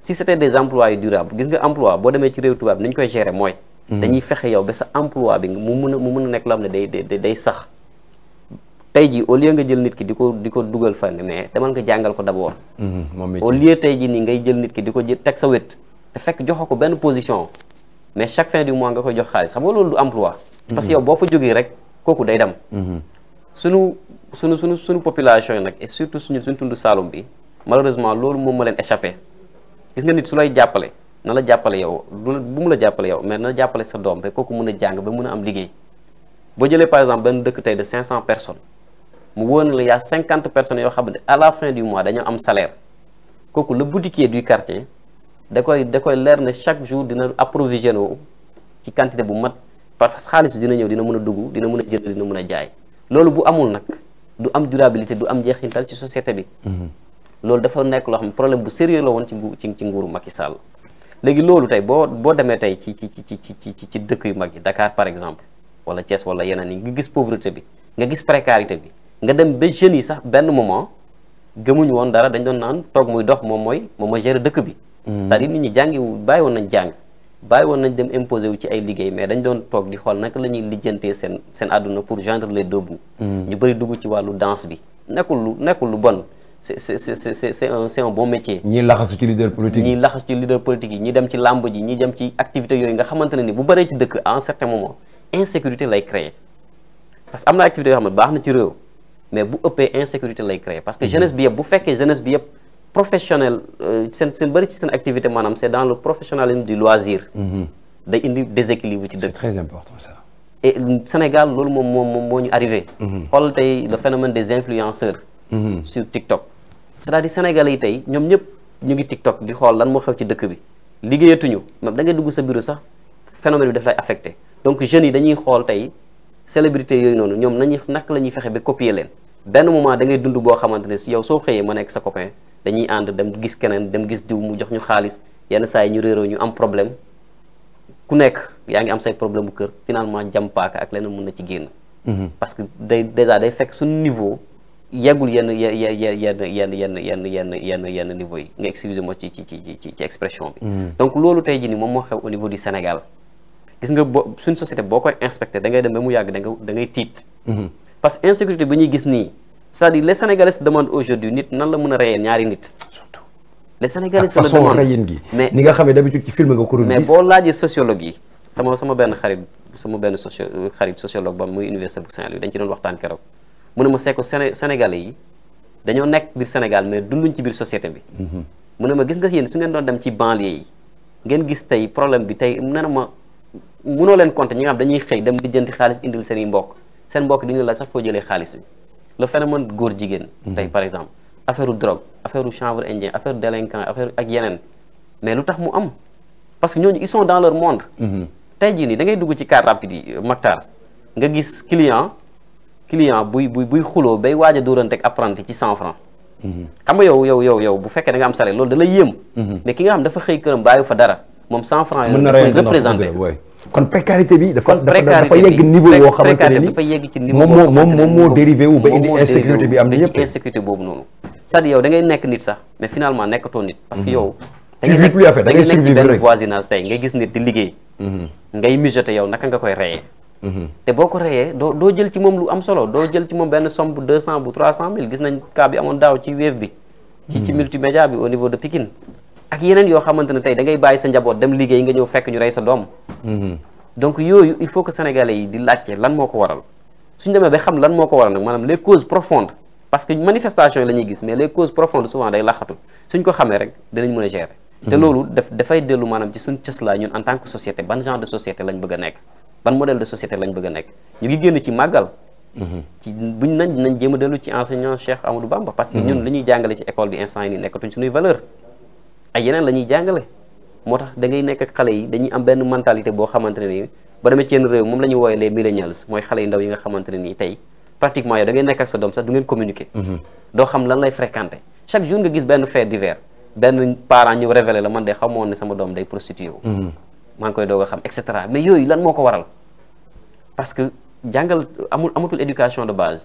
si c'était des emplois yu durable gis nga emploi bo démé ci réew tubaab ni koy gérer moy mhm. dañuy fexé yow ba sa emploi bi mu mun mu nekk loo day day day sax. tey jii au lieu nga jël nit ki di ko di ko dugal fa mais demal nga jàngal ko d'abord. Mhm, moom au lieu tey jii nii ngay jël nit ki di ko jël teg sa wét. te fekk joxo ko benn position mais chaque fin du mois nga koy jox xaalis xam nga loolu du emploi. Mhm. parce que yow boo fa jógee rek kooku day dem. Mhm. sunu sunu sunu sunu population yi nag et surtout suñu suñu tund Saloum bi malheureusement loolu moom ma leen échappé gis nga nit su lay jàppale na la jàppale yow du bu mu la jàppale yow mais na la jàppale sa doom ba kooku mën a jàng ba mën a am liggéey boo jëlee par exemple benn dëkk tey de 500 personnes. mu wóor na la yaa cinquante personnes yoo xam ne à la fin du mois dañoo am salaire kooku le boutiquier du quartier da koy da koy leer na chaque jour dina approvisionné wu ci quantité bu mat parce que xaalis bi dina ñëw dina mën a dugg dina mën a jënd dina mën a jaay loolu bu amul nag du am durabilité du am jeexintal ci société bi mhm. loolu dafa nekk loo xam ne problème bu sérieux la woon ci ngu ci ci nguuru Macky Sall léegi loolu tey boo boo demee tey ci ci ci ci ci ci dëkk yu mag yi dakaar par exemple wala Thiès wala yeneen yi nga gis pauvreté bi nga gis précarité bi nga dem ba jeunes yi sax benn moment gëmuñu woon dara dañ doon naan toog muy dox moom mooy moom ma gérer dëkk bi. Hmm. c'est-à-dire nit ñi jàngi bàyyi woon nañ jàng bàyyi woon nañ dem imposé wu ci ay liggéey mais dañ doon toog di xool naka la ñuy lijjantee seen seen àdduna pour gendre les deux bouts. Hmm. ñu bëri dugg ci wàllu danse bi nekkul lu nekkul lu bon. c'est c'est c'est c'est un c'est un bon métier. ñii laxasu ci leader politique yi ñii laxasu ci leader politique yi ñii dem ci làmb ji ñii dem ci activité yooyu nga xamante ne ni bu bëree ci dëkk à un certain insécurité lay créer parce que am na baax na ci réew mais bu ëppee insécurité lay créer parce que mhm. jeunesse bi yëpp bu fekkee jeunesse bi yëpp professionnel euh, seen seen bëri ci seen activité maanaam c'est dans le professionnalisme du loisir mhm. day indi déséquilibre ci dëkk très important ça et Sénégal loolu moom moom moo ñu arrivé mhm. xool tey le phénomène des influenceurs sur TikTok c'est-à-dire Sénégalais yi tey ñoom ñëpp ñu ngi TikTok di xool lan moo xew ci dëkk bi liggéeyatuñu même da ngay dugg sa bureau sax phénomène bi daf lay affecté donc jeunes yi dañuy xool tey célébrité yooyu noonu ñoom nañuy nak la ñuy fexe ba copier leen ben moment da ngay dund bo xamante si yow so xeye mo nek sa copain dañuy and dem gis kenen dem gis diw mu jox ñu xaalis yenn say ñu rero ñu am problème ku nek yaa ngi am say problème bu keur finalement jam paaka ak leneen mun na ci génn. Mhm. parce que day déjà day fekk sun niveau yeggul yenn yenn yenn yenn yenn yenn yenn yenn niveau yi nga excuse moi ci ci ci ci ci expression bi. Mhm. donc lolu tay jii nii moom moo xew au niveau du Sénégal gis nga bo suñ société boo inspecter da ngay dem ba mu yag da ngay da ngay tiit. Mhm parce que insécurité bi ñuy gis ni c'est-à-dire les sénégalais se demandent aujourd'hui nit nan la mëna a ñaari nit. les sénégalais se ah, demandent façon reyin gi. ni nga xamé d'habitude ci film nga ko doon gis. mais bo laajee sociologie sama sama ben xarit sama ben socio euh, xarit sociologue ba muy université bu Saint-Louis dañ ci doon waxtaan keroog mëna ma séko sénégalais yi dañoo nek bir Sénégal mais dunduñ ci bir société bi. Mhm. mu ne ma gis nga yeen su ngeen doon dem ci banlieue yi ngeen gis tay problème bi tay mëna ma mënoo leen compter ñi nga dañuy xey dem di jënd xaaliss indil seen mbokk seen mbokk di ñu la sax foo jëlee xaalis bi le phénomène góor jigéen mhm. tey par exemple affaire drogue affaire chanvre indien affaire délinquant affaire ak yeneen mais lu tax mu am parce que ñooñu ils sont dans leur monde mhm. tey jii nii dangay dugg ci car rapide yi euh, Mactar nga gis client client buy buy buy xuloo bay waaj a dóorante ak apprenti ci cent franc mhm. xam nga yow yow yow yow bu fekkee da am sale loolu da lay yéem mais ki nga xam dafa xëy këram bàyyi fa dara moom cent franc yooyu représenté kon précarité bi dafa dafa yegg niveau boo xamante ne ni moom moo moom moom moo dérivé wu ba nekk nit que yow da ngay nekk mm-hmm. da ngay nekk nga koy reyee mm-hmm. te boo ko reyee doo doo jël ci moom lu am solo doo jël ci moom benn somme bu deux cent bu trois cent mille gis nañ cas amoon daaw ci wéef bi ci ci mm-hmm. multimédia bi au niveau de Pikine ak yeneen yoo xamante ne tey da ngay bàyyi sa njaboot dem liggéey nga ñëw fekk ñu rey sa doom mhm. donc yooyu il faut que sénégalais yi di laajte lan moo ko waral suñu demee ba xam lan moo ko waral nag maanaam les causes profondes parce que manifestation yi la ñuy gis mais les causes profondes souvent day laxatu suñ ko xamee rek dinañ mën a gérer mhm. te loolu dafay dellu maanaam ci suñ cëslaa ñun en tant que société ban genre de société lañ bëgg a nekk ban modèle de société lañ bëgg a ci màggal mhm. ci buñ nañ nañ jéem ñun li jàngale ci école bi instant yi nii ay yeneen la ñuy jàngale moo tax dangay ngay nekk ak xale yi dañuy am benn mentalité boo xamante ne nii ba demee ci réew moom la ñuy woowee les millennials mooy xale yu ndaw yi nga xamante ne nii tey pratiquement yow da nekk ak sa doom sax du ngeen communiquer. Mhm. doo xam lan lay fréquenter chaque jour nga gis benn fait divers benn parent ñëw révélé la man de xamoon ne sama doom day prostitué wu. Mhm. maa ngi koy doog a xam et cetera mais yooyu lan moo ko waral parce que jàngal amul amatul éducation de base.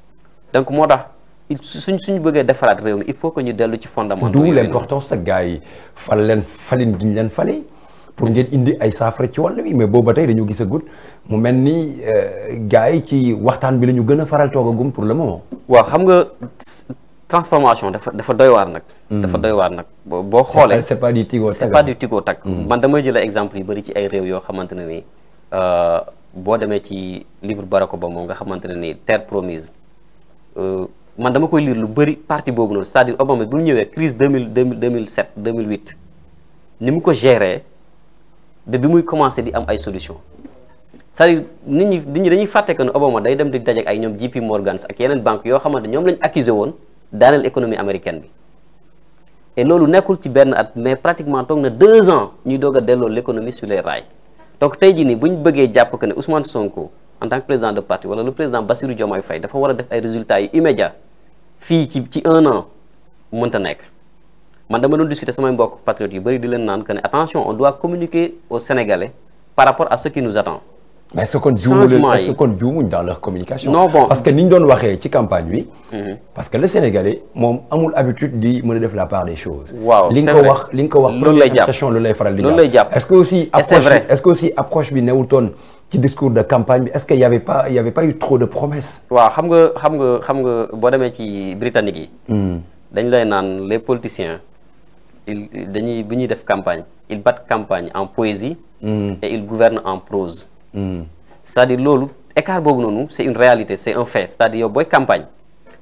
donc moo tax suñ suñu bëggee defaraat réew mi il faut que ñu dellu ci leen d'où l'importance sa gaa yi fal leen falin gi ñu leen fale pour ngeen indi ay saafara ci wàll wi mais booba tey dañu gis a gudd mu mel ni euh, gars yi ci waxtaan bi la ñu gën a faral toogagum pour le moment. waaw xam nga transformation dafa dafa doy waar nag. Hmm. dafa doy nag boo xoolee. c'est pas du tigo c'est pas du tak hmm. man damay jël exemple yu bari ci ay réew yoo xamante ne ni euh, boo demee ci livre Barack Obama moom nga xamante ne ni terre promise. Euh, man dama koy liir lu bëri parti boobu noonu c'est-à-dire Obama bu ñëwee crise 2000 2000 2007 2008 ni mu ko géré ba bi muy commencé di am ay solution c'est-à-dire nit ñi nit ñi dañuy fàtte que ne Obama day dem di dajeek ay ñoom JP Morgan ak yeneen banque yoo xamante ñoom lañ accusé woon daaneel économie américaine bi te loolu nekkul ci benn at mais pratiquement toog na deux ans ñuy doog delloo l'économie sur les rails donc tey ji nii bu ñu bëggee jàpp que ne Ousmane Sonko en tant que président de parti wala le président Bassirou Diomaye Faye dafa war a def résultats immédiats immédiat ci un an Montenegro. nekk man dama discuter samay mbokk patriotes yu que attention on doit communiquer aux Sénégalais par rapport à ce qui nous attend. mais est-ce qu'on joue est-ce qu'on dans leur communication. parce que nous ne parlé waxee ci campagne mhm. parce que le Sénégalais ont amul habitude di faire la part des choses. wow li nga ko wax li ko wax. est-ce que aussi approche est-ce que aussi approche ci discours de campagne est-ce qu'il y avait pas il y avait pas eu trop de promesses. Wa xam nga xam nga xam nga bo ci britannique yi. Hmm. dañ lay nan les politiciens ils dañuy bu def campagne ils battent campagne en poésie. Hmm. et ils gouvernent en prose. Hmm. c'est-à-dire lolu écart c'est une réalité c'est un fait c'est-à-dire yow booy campagne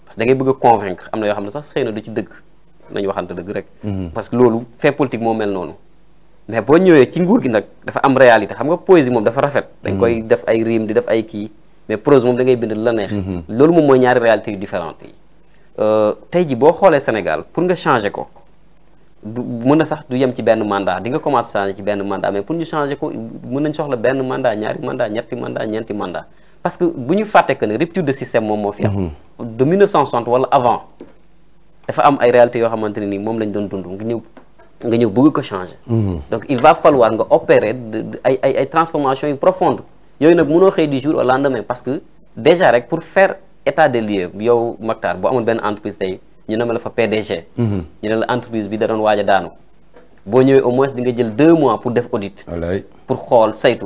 parce que da ngay bëgg convaincre amna yo xamna sax xeyna du ci deug nañ waxante rek. parce que lolu fait politique mo mel mais boo ñëwee ci nguur gi nag dafa am réalité xam nga poésie moom dafa rafet. dañ hmm. koy def ay rime di def ay kii mais prose moom da ngay bind la neex. Hmm. loolu moom mooy ñaari réalités yu différentes yi. Euh, tey ji boo xoolee Sénégal pour nga changer ko du mën na sax du yem ci benn mandat di nga commencé changer ci benn mandat mais pour ñu changer ko mën nañ soxla benn mandat ñaari mandat ñetti mandat ñeenti mandat parce que bu ñu fàtte que ne rupture de système moom moo fi am. Hmm. de 1960 wala avant dafa am ay yoo xamante ne ni moom lañ doon dund ñëw. nga ñëw bëgg ko changer. Mhm. donc il va falloir nga opérer ay ay ay transformations profondes yoy nak mëno xey du jour au lendemain parce que déjà rek pour faire état des lieux yow maktar boo amul ben entreprise tey ñu ne ma la fa PDG. Mhm. ñu ne la entreprise bi da doon waja daanu bo ñëwé au moins di nga jël 2 mois pour def audit. pour xool saytu.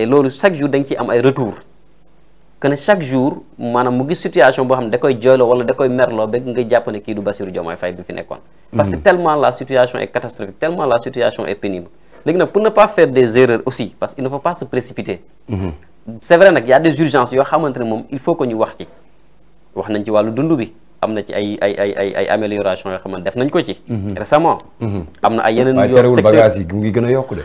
et loolu chaque jour dañ ciy am ay retour que chaque jour maanaam mu situation boo xam ne da koy jooyloo wala da koy merloo ba nga jàpp kii du Bassirou Diomaye Faye bi fi nekkoon. parce que mm. tellement la situation est catastrophique tellement la situation est pénible léegi nag pour ne pas faire des erreurs aussi parce qu'il ne faut pas se précipiter. Mm-hmm. nag y a des urgences yoo xamante ne moom il faut que ñu wax ci wax nañ ci wàllu dund am na ci ay ay ay ay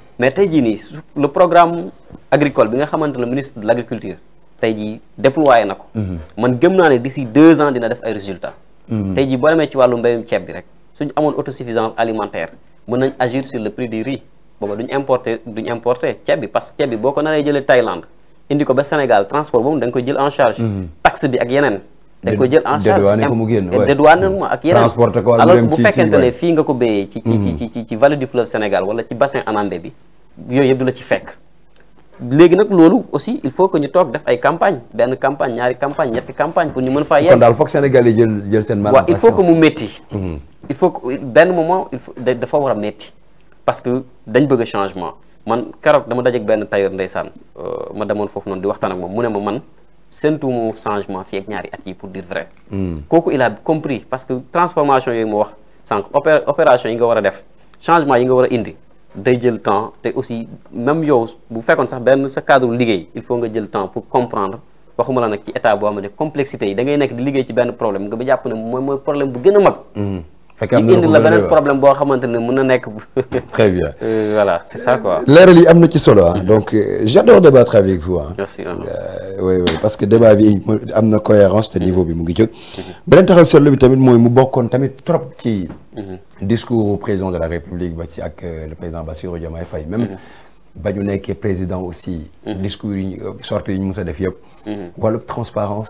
mais tey jii nii su le programme agricole bi nga xamante ne ministre de l' agriculture tey jii déployé na ko. Mhm. man gëm naa ne d' ici deux ans dina def ay résultat mhm. tey ji boo demee ci wàllu mbéyum ceeb bi rek suñu amoon autosuffisance alimentaire mën nañ agir sur le prix du riz booba duñ importer duñ importer ceeb bi parce que ceeb bi boo ko naree jëlee Thaïlande indi ko ba Sénégal transport boobu da nga koy jël en charge. Mhm. taxe bi ak yeneen. dañ ko jël en charge dédouané ko mu génn dédouané ko ak yeneen transporté ko alors bu fekkente ne fii nga ko béyee ci ci hmm. ci ci ci vallée du fleuve Sénégal wala ci bassin Anambé bi yooyu yëpp du la ci fekk léegi nag loolu aussi il faut que ñu toog def ay campagne benn campagne ñaari campagne ñetti campagne pour ñu mën faa yegg kon yi jël jël seen waaw il faut que mu métti hmm. il faut que benn moment il faut dafa war a métti parce que dañ bëgg changement man keroo dama dajeek benn tailleur ndeysaan euh, ma demoon foofu noonu di waxtaan ak mu ne ma man seentuwuma changement fi ak ñaari at yi pour dire vrai. Hmm. koku il a compris parce que transformation yi mo wax sank opération yi nga wara def changement yi nga wara indi day jël temps te aussi même yow bu fekkon sax ben sa cadre liggéey il faut nga jël temps pour comprendre waxuma la nak ci état boo xam complexité yi da ngay nekk di liggéey ci ben problème nga ba japp ne moy moy problème bu gëna mag. Hmm. <laughs> très bien euh, voilà c'est ça quoi. Ah. donc euh, j'adore débattre avec vous ah. merci hein. euh, oui parce que débat a une cohérence au niveau trop discours président de la République avec le président Bassirou même. qui mm-hmm. est président aussi. Mm-hmm. discours yi ñu mm-hmm. transparence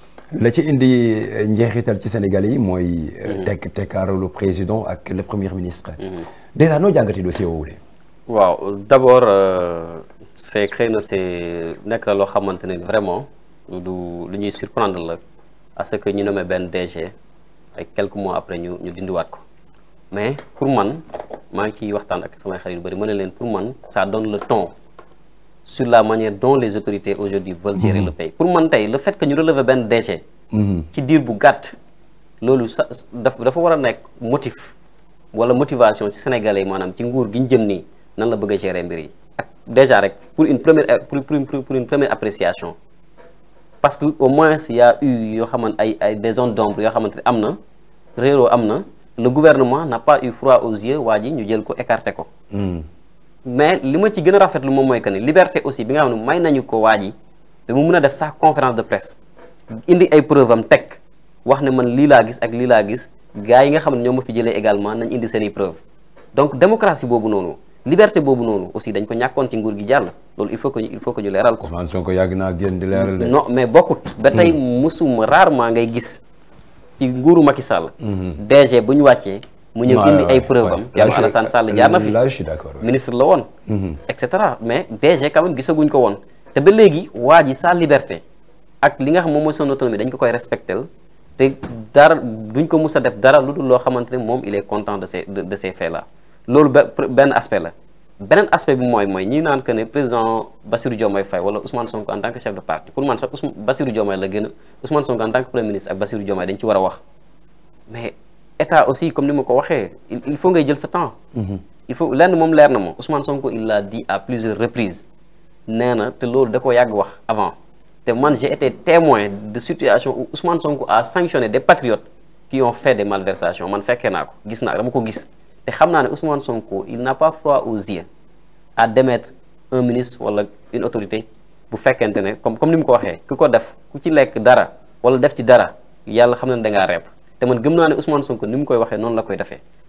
la ci indi eh, Sénégal eh, mhm. président et le premier ministre. Mhm. déjà dossier euh, c'est c'est vraiment surprendre que nous nommé déjà DG quelques mois après nous mais pour moi, je suis pour ça donne le temps sur la manière dont les autorités aujourd'hui veulent gérer mhm. le pays pour monter, le fait que nous relever benn déchet mhm. ci diir bu gàtt loolu sa dafa war motif wala motivation ci sénégalais qui est ci nguur gi ñu jëm nii nan la bëgg gérer mbir déjà pour une première pour pour une première appréciation parce que au moins y a eu des zones d'ombre le gouvernement n'a pas eu froid aux yeux il a dit jël ko écarté ko mhm. mais li ma ci gëna rafet lu mom moy que liberté aussi bi nga xamne may nañu ko waji ji mu mëna def sax conférence de presse indi ay preuve am tek wax ne man li la gis ak li la gis gaay nga xamne ne fi jëlé également nañ indi seen preuve donc démocratie bobu nonu liberté bobu nonu aussi dañ ko ñakkon ci nguur gi jall loolu il faut que il faut que ñu leeral ko. son ko yag na gën di léral de. non mais bokut ba tay musum rarement ngay gis ci nguuru Macky Sall. Mhm. DG buñu waccé mu ñëw indi ay preuve am Thierno Alassane Sall jaar na fi ministre la woon mhm. et cetera mais DG quand gisaguñ ko woon te ba léegi waa ji sa liberté ak li nga xam moom mooy son autonomie dañ ko koy respectel te dara duñ ko mu a def dara lu dul loo xamante ne moom il est content de ces de ces faits là loolu benn aspect la beneen aspect bi mooy mooy ñi naan que ne président Bassirou Diomaye Faye wala Ousmane Sonko en tant que chef de parti pour man sax Ousmane Bassirou Diomaye la a Ousmane Sonko en tant que premier ministre dañ ci war a wax état aussi comme ni ma ko il faut ngay jël sa temps. Mhm. il faut lenn mom leer na ma Ousmane Sonko il l'a dit à plusieurs reprises néna té te dako yag wax avant té man j'ai été témoin de situation où Ousmane Sonko a sanctionné des patriotes qui ont fait des malversations man fekkee nako gis na dama ko gis té xamna né Ousmane Sonko il n'a pas froid aux yeux à démettre un ministre wala une autorité bu fekkente né comme comme ni mu ko waxee ku ko def ku ci lekk dara wala def ci dara yalla xamna na da nga reeb et man gëm ne Ousmane Sonko ni mu koy waxee noonu la koy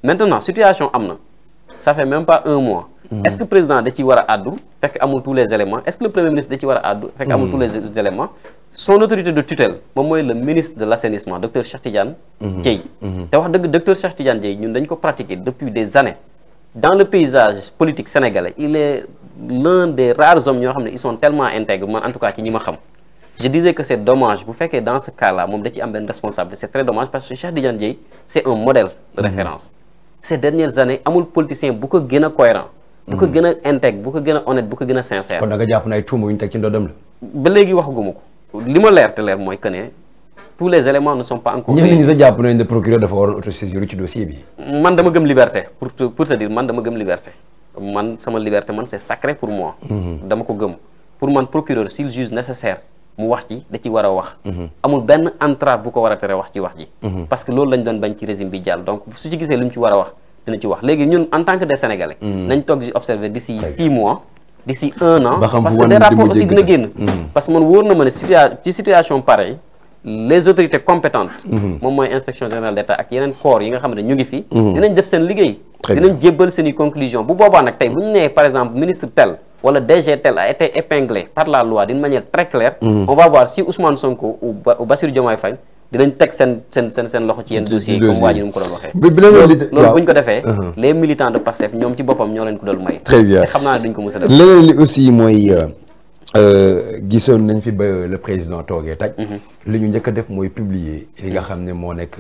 maintenant situation est ça fait même pas un mois. Mhm. est-ce que le président de ciy adou a tous les éléments est-ce que le premier ministre de ci adou a mhm. tous les éléments son autorité de tutelle c'est le ministre de l'assainissement docteur Cheikh Tidiane mhm. Dièye Le docteur Cheikh Tidiane depuis des années dans le paysage politique sénégalais il est l'un des rares hommes qui, sont tellement intègres en tout cas ci ne pas je disais que c'est dommage vous faites que dans ce cas là moom da ci am benn responsable, c'est très dommage parce que Cheikh Tidiane c'est un modèle de mhm. référence ces dernières années il politicien bu ko a cohérent bu ko mhm. gën intègre bu ko gën honnête bu ko gën sincère kon vous nga jàpp na ay tuuma yu ñu teg ci ndodam la ba léegi waxaguma ko li ma leer que tous les éléments ne sont pas encore ñenn ñi sa jàpp nañ ne procureur dafa waroon autosaisir ci dossier bi man dama gëm liberté pour pour te dire man dama gëm liberté man sama liberté man c'est sacré pour moi mhm. dama ko gëm pour man procureur s'il juge nécessaire mu wax ci da ci war a wax mhm. amul benn entrave bu ko war a tere wax ci wax ji mhm. parce que loolu lañ doon bañ ci régime bi jàll donc su ci gisee lu mu ci war a wax dina ci wax léegi ñun en tant que des sénégalais mhm. nañ toog di observer d'ici six mois d'ici un an parce que des rapports aussi dina génn parce que moom mooy inspection générale d'État ak yeneen corps yi nga xam ne ñu ngi fi dinañ def seen liggéey dinañ jébbal seen i conclusion bu boobaa nag tey bu ñu wala DGTEL a été épinglé par la loi d'une manière très claire. Mmh. on va voir si Ousmane Sonko ou, ba ou Bassirou Diomaye Faye dinañ teg sen sen sen seen loxo ci yenn dossiers comme waa ji nu mu ko doon waxee. bi bi loolu bu ñu ko défé uh-huh. les militants de PASTEF ñom ci bopam ñoo ko dool may. très bien te duñ ko mos a def. leneen li aussi moy euh, euh gisoon nañ fi ba le président togué taj. Mm-hmm. li ñu njëkk def moy publier. li nga xamné mo nek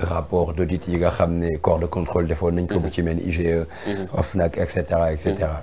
rapport d'audit yi nga xamné corps de contrôle defoon nañ ko. Mm-hmm. bu ci mel IGE. Mm-hmm. OFNAC et cetera et cetera.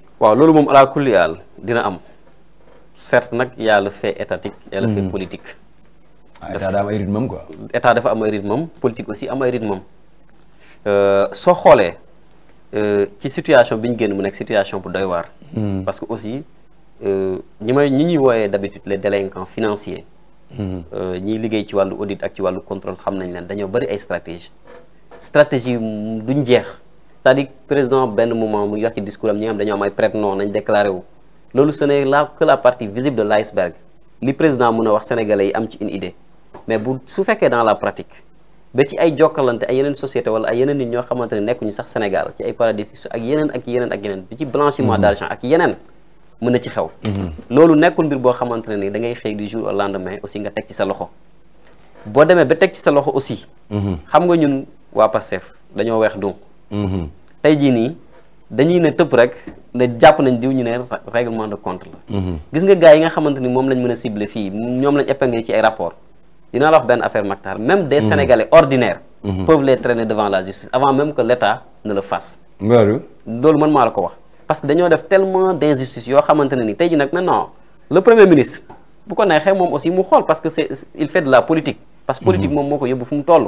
waaw loolu moom ala kulli haal dina am certes nag y a le fait étatique et le fait hmm. politique. Ah, état daa am ay rythme quoi. état dafa am ay rythme politique aussi am ay rythme am euh, soo xoolee euh, ci situation bi ñu génn mu nekk situation bu doy waar. Hmm. parce que aussi euh, ñi may ñi ñuy wooyee d'habitude les délinquants financiers. Hmm. ñiy liggéey ci wàllu audit ak ci wàllu contrôle xam nañ leen dañoo bari ay stratégie stratégie duñ jeex. cest à président benn moment mu ngi wax ci discours am ñi nga xam dañoo am ay prête non nañ déclaré wu loolu ce n'est là que la partie visible de l'iceberg li président mën a wax sénégalais yi am ci une idée mais bu su fekkee dans la pratique ba ci ay jokkalante ay yeneen société wala ay yeneen nit ñoo xamante ne nekkuñu sax Sénégal ci ay paradis fiscaux ak yeneen ak yeneen ak yeneen bi ci blanchiment mm-hmm. d'argent ak yeneen mën na ci xew mm-hmm. loolu nekkul mbir boo xamante ne ni da ngay xëy du jour au lendemain aussi nga teg ci boo demee ba teg ci sa loxo aussi mm-hmm. xam nga ñun waa Pastef dañoo weex donc Mhm. tey jii nii dañuy ne tëpp rek ne japp nañ diw ñu né règlement de compte la. Mhm. gis nga gaay yi nga xamanteni mom lañ mëna a ciblé fii ñoom lañ épinglé ci ay rapport dina la wax benn affaire maktar même des mhm. sénégalais ordinaires. peuvent les traîner devant la justice avant même que l'État ne le fasse. loolu man mala ko wax. parce que dañoo def tellement d'injustice, yo xamanteni xamante ne ni tey maintenant le premier ministre bu ko nexé mom aussi mu xol parce que c'est il fait de la politique. parce que politique mom moko ko fu mu tollu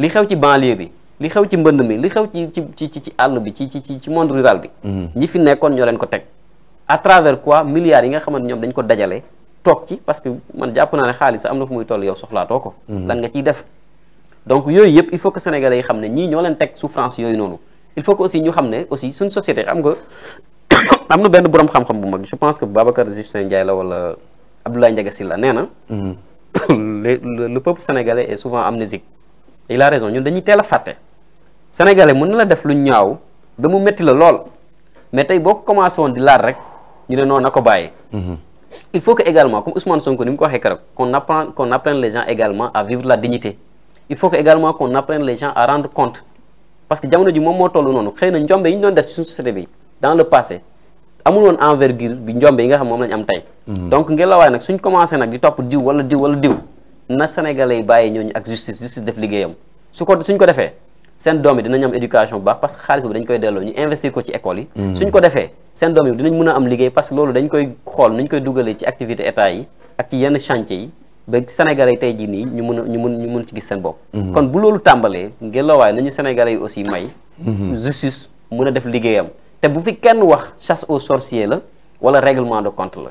li xew ci banlieue bi li xew ci mbënd mi li xew ci ci ci ci àll bi ci ci ci monde rural bi. Mhm. ñi fi nekkoon ñoo leen ko teg. à travers quoi milliards yi nga xamante ñoom dañ ko dajale toog ci parce que man jàpp naa ne xaalis am na fu muy toll yow soxlaatoo ko. Mhm. lan nga ciy def. donc yooyu yëpp il faut que sénégalais yi xam ne ñii ñoo leen teg souffrance yooyu noonu il faut que aussi ñu xam ne aussi suñ société xam nga <coughs> am na benn borom xam-xam bu mag je pense que Babacar Justin Ndiaye la wala Abdoulaye Ndiaga Sylla nee na. Mhm. <coughs> le peuple sénégalais est souvent amnésique il a raison ñun dañuy teel a fàtte sénégalais mën la def lu ñaaw ba mu metti la lool mais tay boo commencé di laal rek ñu né non nako ko mhm. il faut que également comme Ousmane Sonko nim mu ko waxee keroog qu'on apprenne qu'on apprenne les gens également à vivre la dignité il faut que également qu'on apprenne les gens à rendre compte parce que jamono ji mom mo toll nonu xeyna na njombe ñu doon def ci société bi dans le passé amul woon envergure bi njombe yi nga xam mom lañ am tay mhm. donc la way nak suñ commencé nak di top diw wala diw wala diw. na sénégalais yi bàyyi ñooñu ak justice justice def liggéeyam su ko suñ ko defee seen doom yi dinañ am éducation bu baax parce que xaalis boobu dañ koy delloo ñu investir ko ci école yi mm. suñ ko defee seen doom yi dinañ mën a am liggéey parce que loolu dañ koy xool nuñ koy dugalee ci activité état yi ak ci yenn chantier yi ba sénégalais yi tey jii nii ñu mën a ñu mën ñu mën ci gis seen bopp mm-hmm. kon bu loolu tàmbalee ngelawaay nañu sénégalais yi aussi may mm-hmm. justice mën a def liggéeyam te bu fi kenn wax chasse aux sorciers la wala règlement de compte la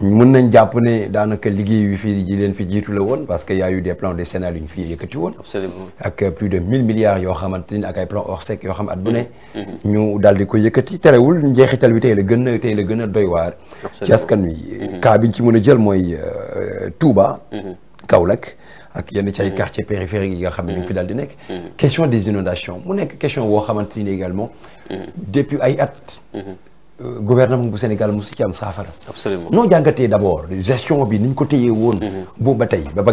mën nañ jàpp ne daanaka liguey wi fi ji len fi jitu la won parce que y a eu des plans décennales yu une fi yëkkati woon. ak plus de 1000 milliards yo xamanteni ak ay plans sec yo xam at bu ne. Mm-hmm. Mm-hmm. ñu daal di ko yëkëti téréwul njeexital wi tey la gëna a tey la gën doy war ci askan wi. ka mm-hmm. bi ci mën jël moy euh, Touba. Kaolack ak yenn ci ay quartiers périphériques yi nga xam ne ñu fi daal di question des inondations mu nekk question wo xamanteni également. depuis ay at. Euh, gouvernement du Sénégal mu si ci am saafara. absolument noo jàngatee d'abord, abord gestion bi ni ñu ko téyee woon. Mhm. boobu ba tey ba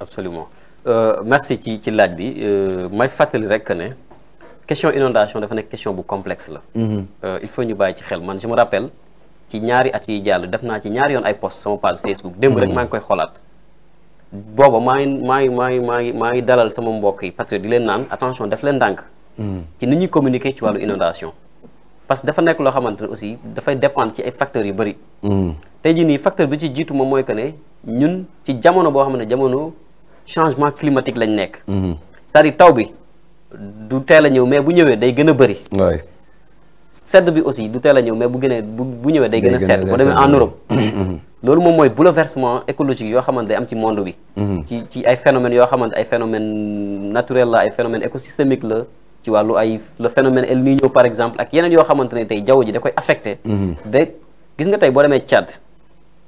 Absolument. Euh, merci ci ci laaj bi euh, may fàttali rek ne question inondation dafa nekk question bu complexe mhm. euh, il faut ñu bàyyi ci xel man je me rappelle ci ñaari at yi jall def naa ci ñaar yoon ay post sama page Facebook. démb rek mhm. ma ngi koy xolat bobu ma ma ma ma ngi dalal sama mbokk yi patriote di len naan attention def len dank ci ni communiquer ci walu inondation. parce que dafa nekk loo xamante ne aussi dafay dépendre ci ay facteurs yu bëri. Hmm. tey jii nii facteur bi ci jiitu moom mooy que ne ñun ci jamono boo xam ne jamono changement climatique lañ nekk. Hmm. cest à taw bi du teel a ñëw mais bu ñëwee day gën a bëri. sedd bi aussi du teel a ñëw mais bu gënee bu bu ñëwee day gën a sedd boo demee en Europe hmm. <coughs> loolu moom mooy bouleversement écologique yoo xamante day am ci monde bi ci ci ay phénomènes yoo xamante ay phénomènes naturels la ay phénomènes écosystémiques la ci wàllu ay le phénomène El Niño par exemple ak yeneen yoo xamantene ne tey jaww ji da koy affecté mhm. ba gis nga tey boo demee Tchad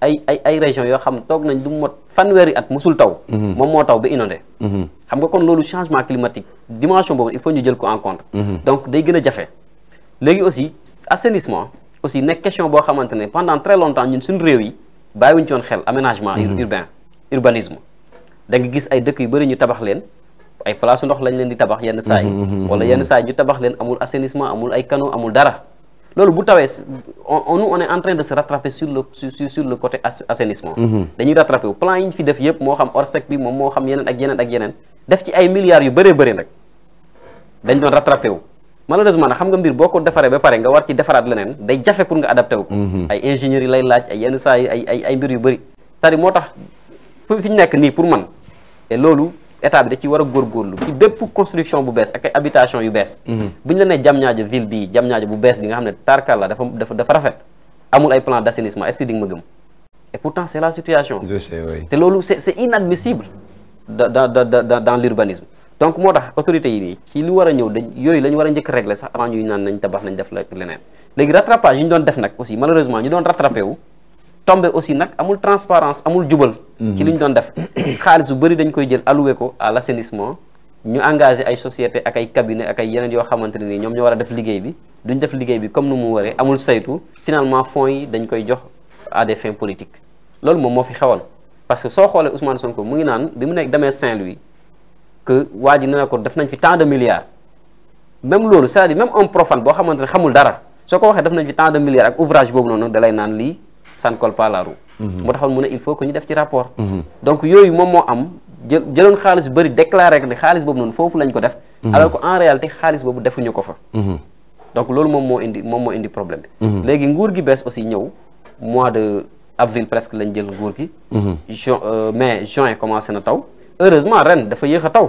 ay ay ay région yoo xam toog nañ du mot fanweeri at musul taw mhm. moom moo taw ba inondé mhm. xam nga kon loolu changement climatique dimension boobu il faut ñu jël ko en compte donc day gën a jafe léegi aussi assainissement aussi nekk question boo xamante ne pendant très longtemps ñun suñu réew yi bàyyiwuñ ci woon xel aménagement urbain urbanisme da nga gis ay dëkk yu bëri ñu tabax leen ay place ndox lañ leen di tabax yenn saa yi mm-hmm, mm-hmm, wala mm-hmm. yenn saa yi ñu tabax leen amul assainissement amul ay canaux amul dara loolu bu tawee on nous on en train de se rattraper sur le sur sur le côté assainissement dañuy rattraper plan yi fi def yëpp moo xam orsec bi moom moo xam yeneen ak yeneen ak yeneen def ci ay milliards yu bëree bëri nag doon rattraper malheureusement nag xam nga mbir boo ko defaree ba pare nga war ci defaraat leneen day jafe pour nga adapté wu ko ay ingénieurs yi lay laaj ay yenn saa yi ay ay ay mbir yu état bi da ci wara a góorgóorlu ci bépp construction bu bess ak habitation yu bess mhm. buñ la né Diamniadio ville bi Diamniadio bu bess bi nga xamné tarkal la dafa dafa dafa rafet amul ay plan d'assainissement est-ce que ma gëm et pourtant c'est la situation je sais oui té lolu c'est c'est inadmissible dans dans dans l'urbanisme donc moo tax autorités yi nii ci lu wara a ñëw dañ yooyu la wara war régler sax avant ñuy naan nañ tabax nañ def la leneen légui rattrapage yi ñu doon def nak aussi malheureusement ñu doon rattraper wu tombé aussi nak amul transparence amul djubal ci liñ doon def mhm. xaalis bu bëri dañ koy jël alloué ko à l'assainissement ñu engagé ay société ak ay cabinet ak ay yeneen yoo xamante ne nii ñoom ñoo war a def liggéey bi duñ def liggéey bi comme nu mu waree amul saytu finalement fonds yi dañ koy jox à des fins politiques loolu moom moo fi xewal parce que soo xoolee Ousmane Sonko mu ngi naan bi mu nekk demee Saint-Louis que waa ji ne ko def nañ fi tant de milliards même loolu c'est-à-dire même un profane boo xamante ne xamul dara soo ko waxee def nañ fi tant de milliards ak ouvrage boobu noonu lay naan lii ça ne colle pas la roue. Mhm. moo taxoon mu ne il faut que ñu def ci rapport. Mhm. donc yooyu moom moo am jë jëloon xaalis bu bëri déclaré ne xaalis boobu noonu foofu lañ ko def. Mhm. alors que en réalité xaalis boobu defuñu ko fa. donc loolu moom moo indi problème léegi nguur gi bees aussi ñëw mois de avril presque lañ jël nguur gi. juin euh, juin commencé na taw heureusement ren dafa yéex a taw.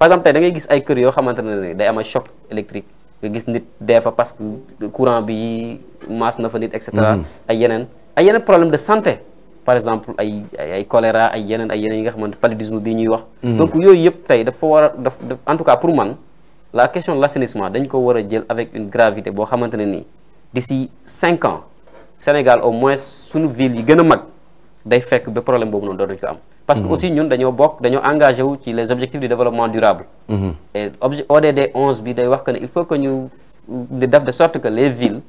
par exemple tey da ngay gis ay kër yoo xamante ne day am ay choc électrique nga gis nit dee fa parce que courant bi maas na fa nit et cetera mm-hmm. ay yeneen ay yeneen problème de santé par exemple ay ay choléra ay yeneen ay yeneen yi nga xamante paludisme bi ñuy wax mm-hmm. donc yooyu yëpp tey dafa war a daf en tout cas pour man la question de l'assainissement dañ ko war a jël avec une gravité boo xamante ne nii d'ici cinq ans Sénégal au moins sunu ville yi gën a mag day fekk ba problème boobu noonu dootuñ ko am parce que mhm. aussi ñun engagé les objectifs de développement durable mhm. et ODD 11 dit qu'il il faut que nous de sorte que les villes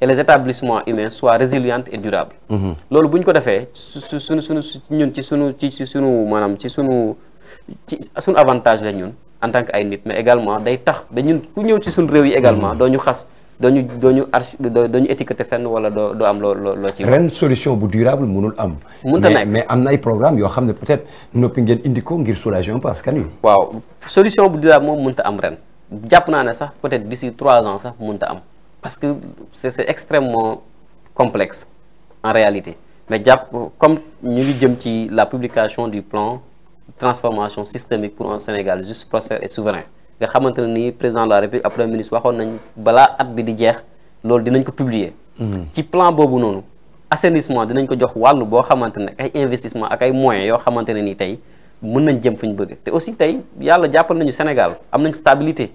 et les établissements humains soient résilientes et durables Ce mhm. que ñu ko fait, su suñu suñu ñun avantage en tant que mais également day tax un ñun également dañu dañu archi solution durable mais am. y a mais am programme yo nous peut-être nous ngeen indi ngir soulager parce que nous... solution durable il a am ren peut-être d'ici trois ans sax am parce que c'est extrêmement complexe en réalité mais comme nous ngi jëm la publication du plan transformation systémique pour un Sénégal juste prospère et souverain. nga xamante ne nii président de la république ak premier ministre waxoon nañ balaa at bi di jeex loolu dinañ ko publier. Mm-hmm. ci plan boobu noonu assainissement dinañ ko jox wàllu boo xamante ne ay investissement ak ay yoo xamante ne nii tey mun nañ jëm fu ñu bëgg te aussi tey yàlla jàppal nañu Sénégal am nañ stabilité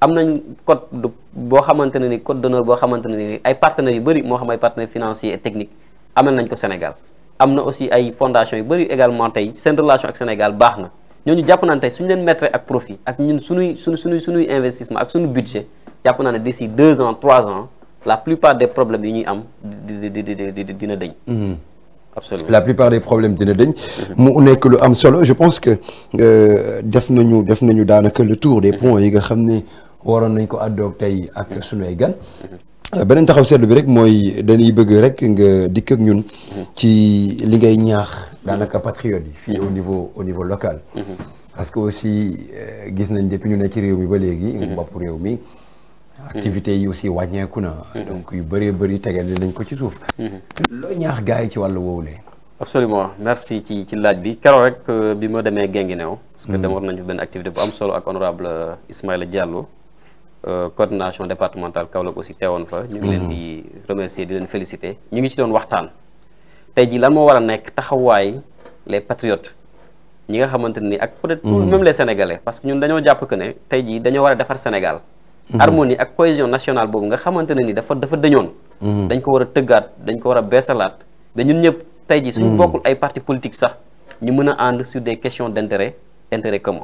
am nañ code de boo xamante ne ni code d'honneur boo xamante ne ni ay partenaires yu bëri moo xam ay partenaires financiers et techniques amal nañ ko Sénégal am na aussi ay fondations yu bëri également tey seen ak Sénégal baax na ñooñu japp nañ tay suñu leen mettre ak profit ak ñun suñu suñu suñu suñuy investissement ak suñu budget japp naa ne d'ici 2 ans 3 ans la plupart des problèmes yi ñuy am di di di di dina dëñ mhm. absolument la plupart des problèmes dina dañ mhm. mu nekk lu am solo je pense que euh, def nañu def nañu daanaka le tour des mhm. points yi nga xam ne waroon nañ ko àddoog tey ak suñu ay gan Euh, beneen taxaw seetlu bi rek mooy dañuy bëgg rek nga dikk ak ñun. ci li ngay ñaax daanaka patriote yi fii au niveau au niveau local. Mm-hmm. parce que aussi euh, gis nañ depuis ñu ne ci réew mi ba léegi. Mm-hmm. bopp réew mi. Mm-hmm. activités yi aussi wàññeeku na. donc yu bëree bëri tegeel dañ ko ci suuf. loo ñaax gars yi ci wàllu woowu lee absolument merci ci ci laaj bi keroog rek euh, bi ma demee Guinguinéo parce que demoon nañu benn activité bu am solo ak honorable Ismaïla Diallo Euh, coordination départementale Kaolack aussi teewoon fa. ñu ngi leen mm-hmm. di remercier di leen féliciter ñu ngi ci doon waxtaan. tey jii lan moo war a nekk taxawaay les patriotes ñi nga xamante ni ak peut-être mm-hmm. même les sénégalais parce que ñun dañoo jàpp que ne tey ji dañoo war a defar Sénégal. Mm-hmm. harmonie ak cohésion nationale boobu nga xamante ne ni dafa dafa dëñoon. dañ ko war a tëggaat dañ ko war a beesalaat ba ñëpp tey ji suñu bokkul ay parti politique sax ñu mën a ànd sur des questions d'intérêt intérêt commun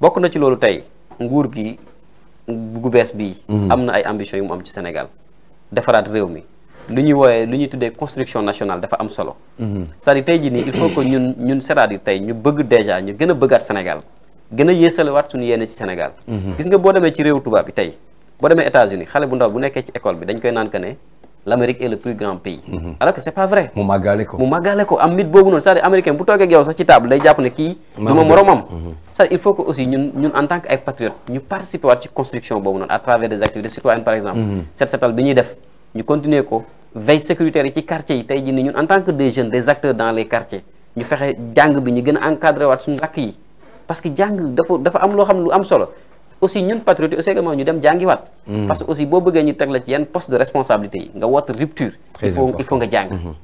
bokk na ci loolu tey nguur gi. gu bees bii. Mm-hmm. am na ay ambition yu mu am ci senegal defaraat réew mi lu ñuy wooyee lu ñuy tuddee construction nationale dafa am solo. Mm-hmm. c'est-à-dire tey jii nii il faut que ñun ñun cest à tey ñu bëgg déjà ñu gën a bëggaat senegal gën a waat suñu yéene ci Sénégal. Mm-hmm. gis nga boo demee ci réew tubaab bi tey boo demee États-Unis xale bu ndaw bu nekkee ci école bi dañ koy naan que ne. l'Amérique est le plus grand pays. Mhm. alors que c'est pas vrai. mu màggale ko mu màggale ko am nit c'est-à-dire américain bu toogee ak yow sax table day Japonais, ne kii. ils moromam. cest à il faut que aussi ñun nous en tant que nous participions à participer construction à travers des activités citoyennes par exemple. Mhm. cette s'appelle bi ñuy def ñu continuer ko veille sécuritaire et ci quartier en tant que des jeunes des acteurs dans les quartiers nous fexe des bi ñu gën encadrer gens. waat suñu rakk yi parce que jungle, dafa dafa am loo xam lu am solo aussi ñun patriote aussi mooy ñu dem wat hmm. parce que aussi bo bëgg ñu tek la ci yeen poste de responsabilité nga woote rupture. il faut il faut nga jang hmm.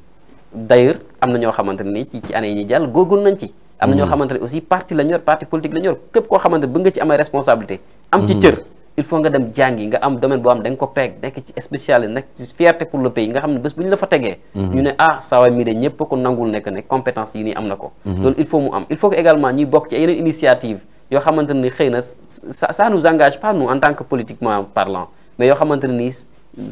d'ailleurs amna ño xamanteni ci ci année ñi ñuy gogul nañ ci. am ño hmm. xamanteni aussi parti la ñor parti politique la ñor kep ko xamanteni bëgg ci am responsabilité. am ci cieur il faut nga dem jangi nga am domaine bo am dang ko pek nek ci spécial nek ci fierté pour le pays nga xamne bëss buñ la fa téggé ñu né ah sa way mi de ñëpp ko nangul nek ne compétence yi ni am ko. il faut mu am il faut que également ñi bok ci yeneen initiative yoo xamante ni ça nous engage pas nous en tant que politiquement parlant mais yoo xamante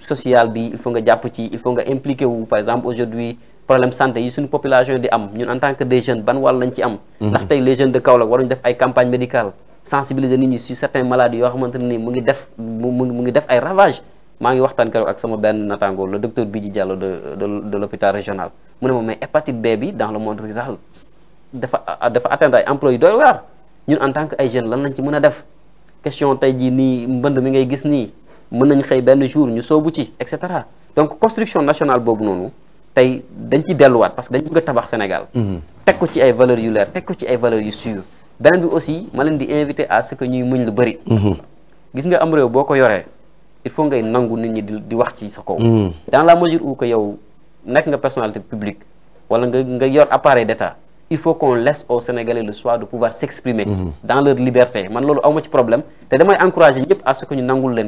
social bi il faut nga jàpp ci il faut nga impliqué par exemple aujourd'hui problème santé yi suñu population di am ñun en tant que des jeunes ban wàll lañ ci am mhm. ndax tey les jeunes de Kaolack waruñu def ay campagne médicale sensibiliser nit ñi sur certaines maladies yoo xamante ne mu ngi def mu ngi def ay ravage maa ngi waxtaan keroog ak sama benn natango le docteur Bidji Diallo de de l'hôpital régional mu ne moom mais hépatite B bi dans le monde rural dafa dafa atteindre ay employés. doy waar ñun en tant que ay jeunes lan lañ ci mën a def question tey jii nii mbënd mi ngay gis nii mën nañ xëy benn jour ñu soobu ci et cetera donc construction nationale boobu noonu tey dañ ci delluwaat parce que dañ bëgg a tabax Sénégal. Mhm. teg ko ci ay valeur yu leer teg ko ci ay valeurs yu sûres beneen bi aussi ma leen di invité à ce que ñuy muñ lu bëri. Mhm. gis nga am réew boo ko yoree il faut ngay nangu nit ñi di wax ci sa kaw. Mhm. dans la mesure où ko yow nekk nga personnalité publique wala nga nga yor appareil d' état. il faut qu'on laisse aux Sénégalais le choix de pouvoir s'exprimer dans leur liberté Je n'ai pas ci problème Je vais encourager à ce que nous nangul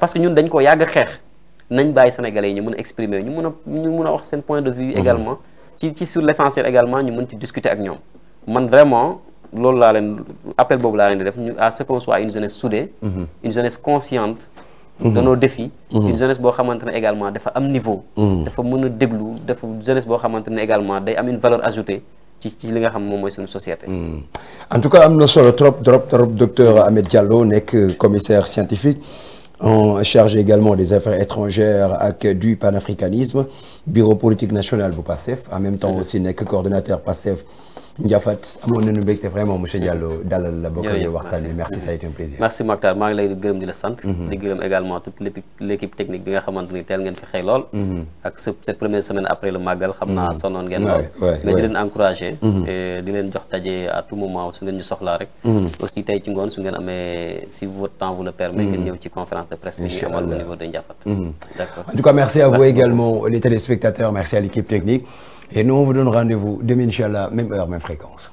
parce que nous dañ ko yàgg a nañ Sénégalais nous ñu exprimés. exprimer Nous ñu point de vue également ci sur l'essentiel également nous sommes discuter ak ñoom man vraiment je leen à ce qu'on soit une jeunesse soudée une jeunesse consciente de nos défis une jeunesse qui a également dafa niveau mm-hmm. dafa a déglu dafa jeunesse qui xamante également une valeur ajoutée Hmm. en tout cas nous sommes le trop trop docteur Ahmed Diallo commissaire scientifique en charge également des affaires étrangères avec du panafricanisme bureau politique national vous passez. en même temps mm-hmm. aussi que coordonnateur passef Ndiafate amoon nañu mbégte vraiment monsieur Diallo dalal la bokk ñu waxtaan bi merci ça a été un plaisir merci Makhtar maa ngi lay gërëm di la sante, mhm. di gërëm également toute l'équipe technique bi nga xamanteni tel ngeen fi xey lool mhm. ak cette première semaine après le magal xamna naa mhm. ngeen lool mais di leen et di leen jox tajé à tout moment su ngeen ñu soxla rek aussi tay ci ngone su ngeen amé si votre temps vous le permet ngeen ñëw ci conférence de presse bi au niveau de Ndiafat. d'accord en tout cas merci à vous également les téléspectateurs merci à l'équipe technique et nous, on vous donne rendez-vous demain, Inch'Allah, même heure, même fréquence.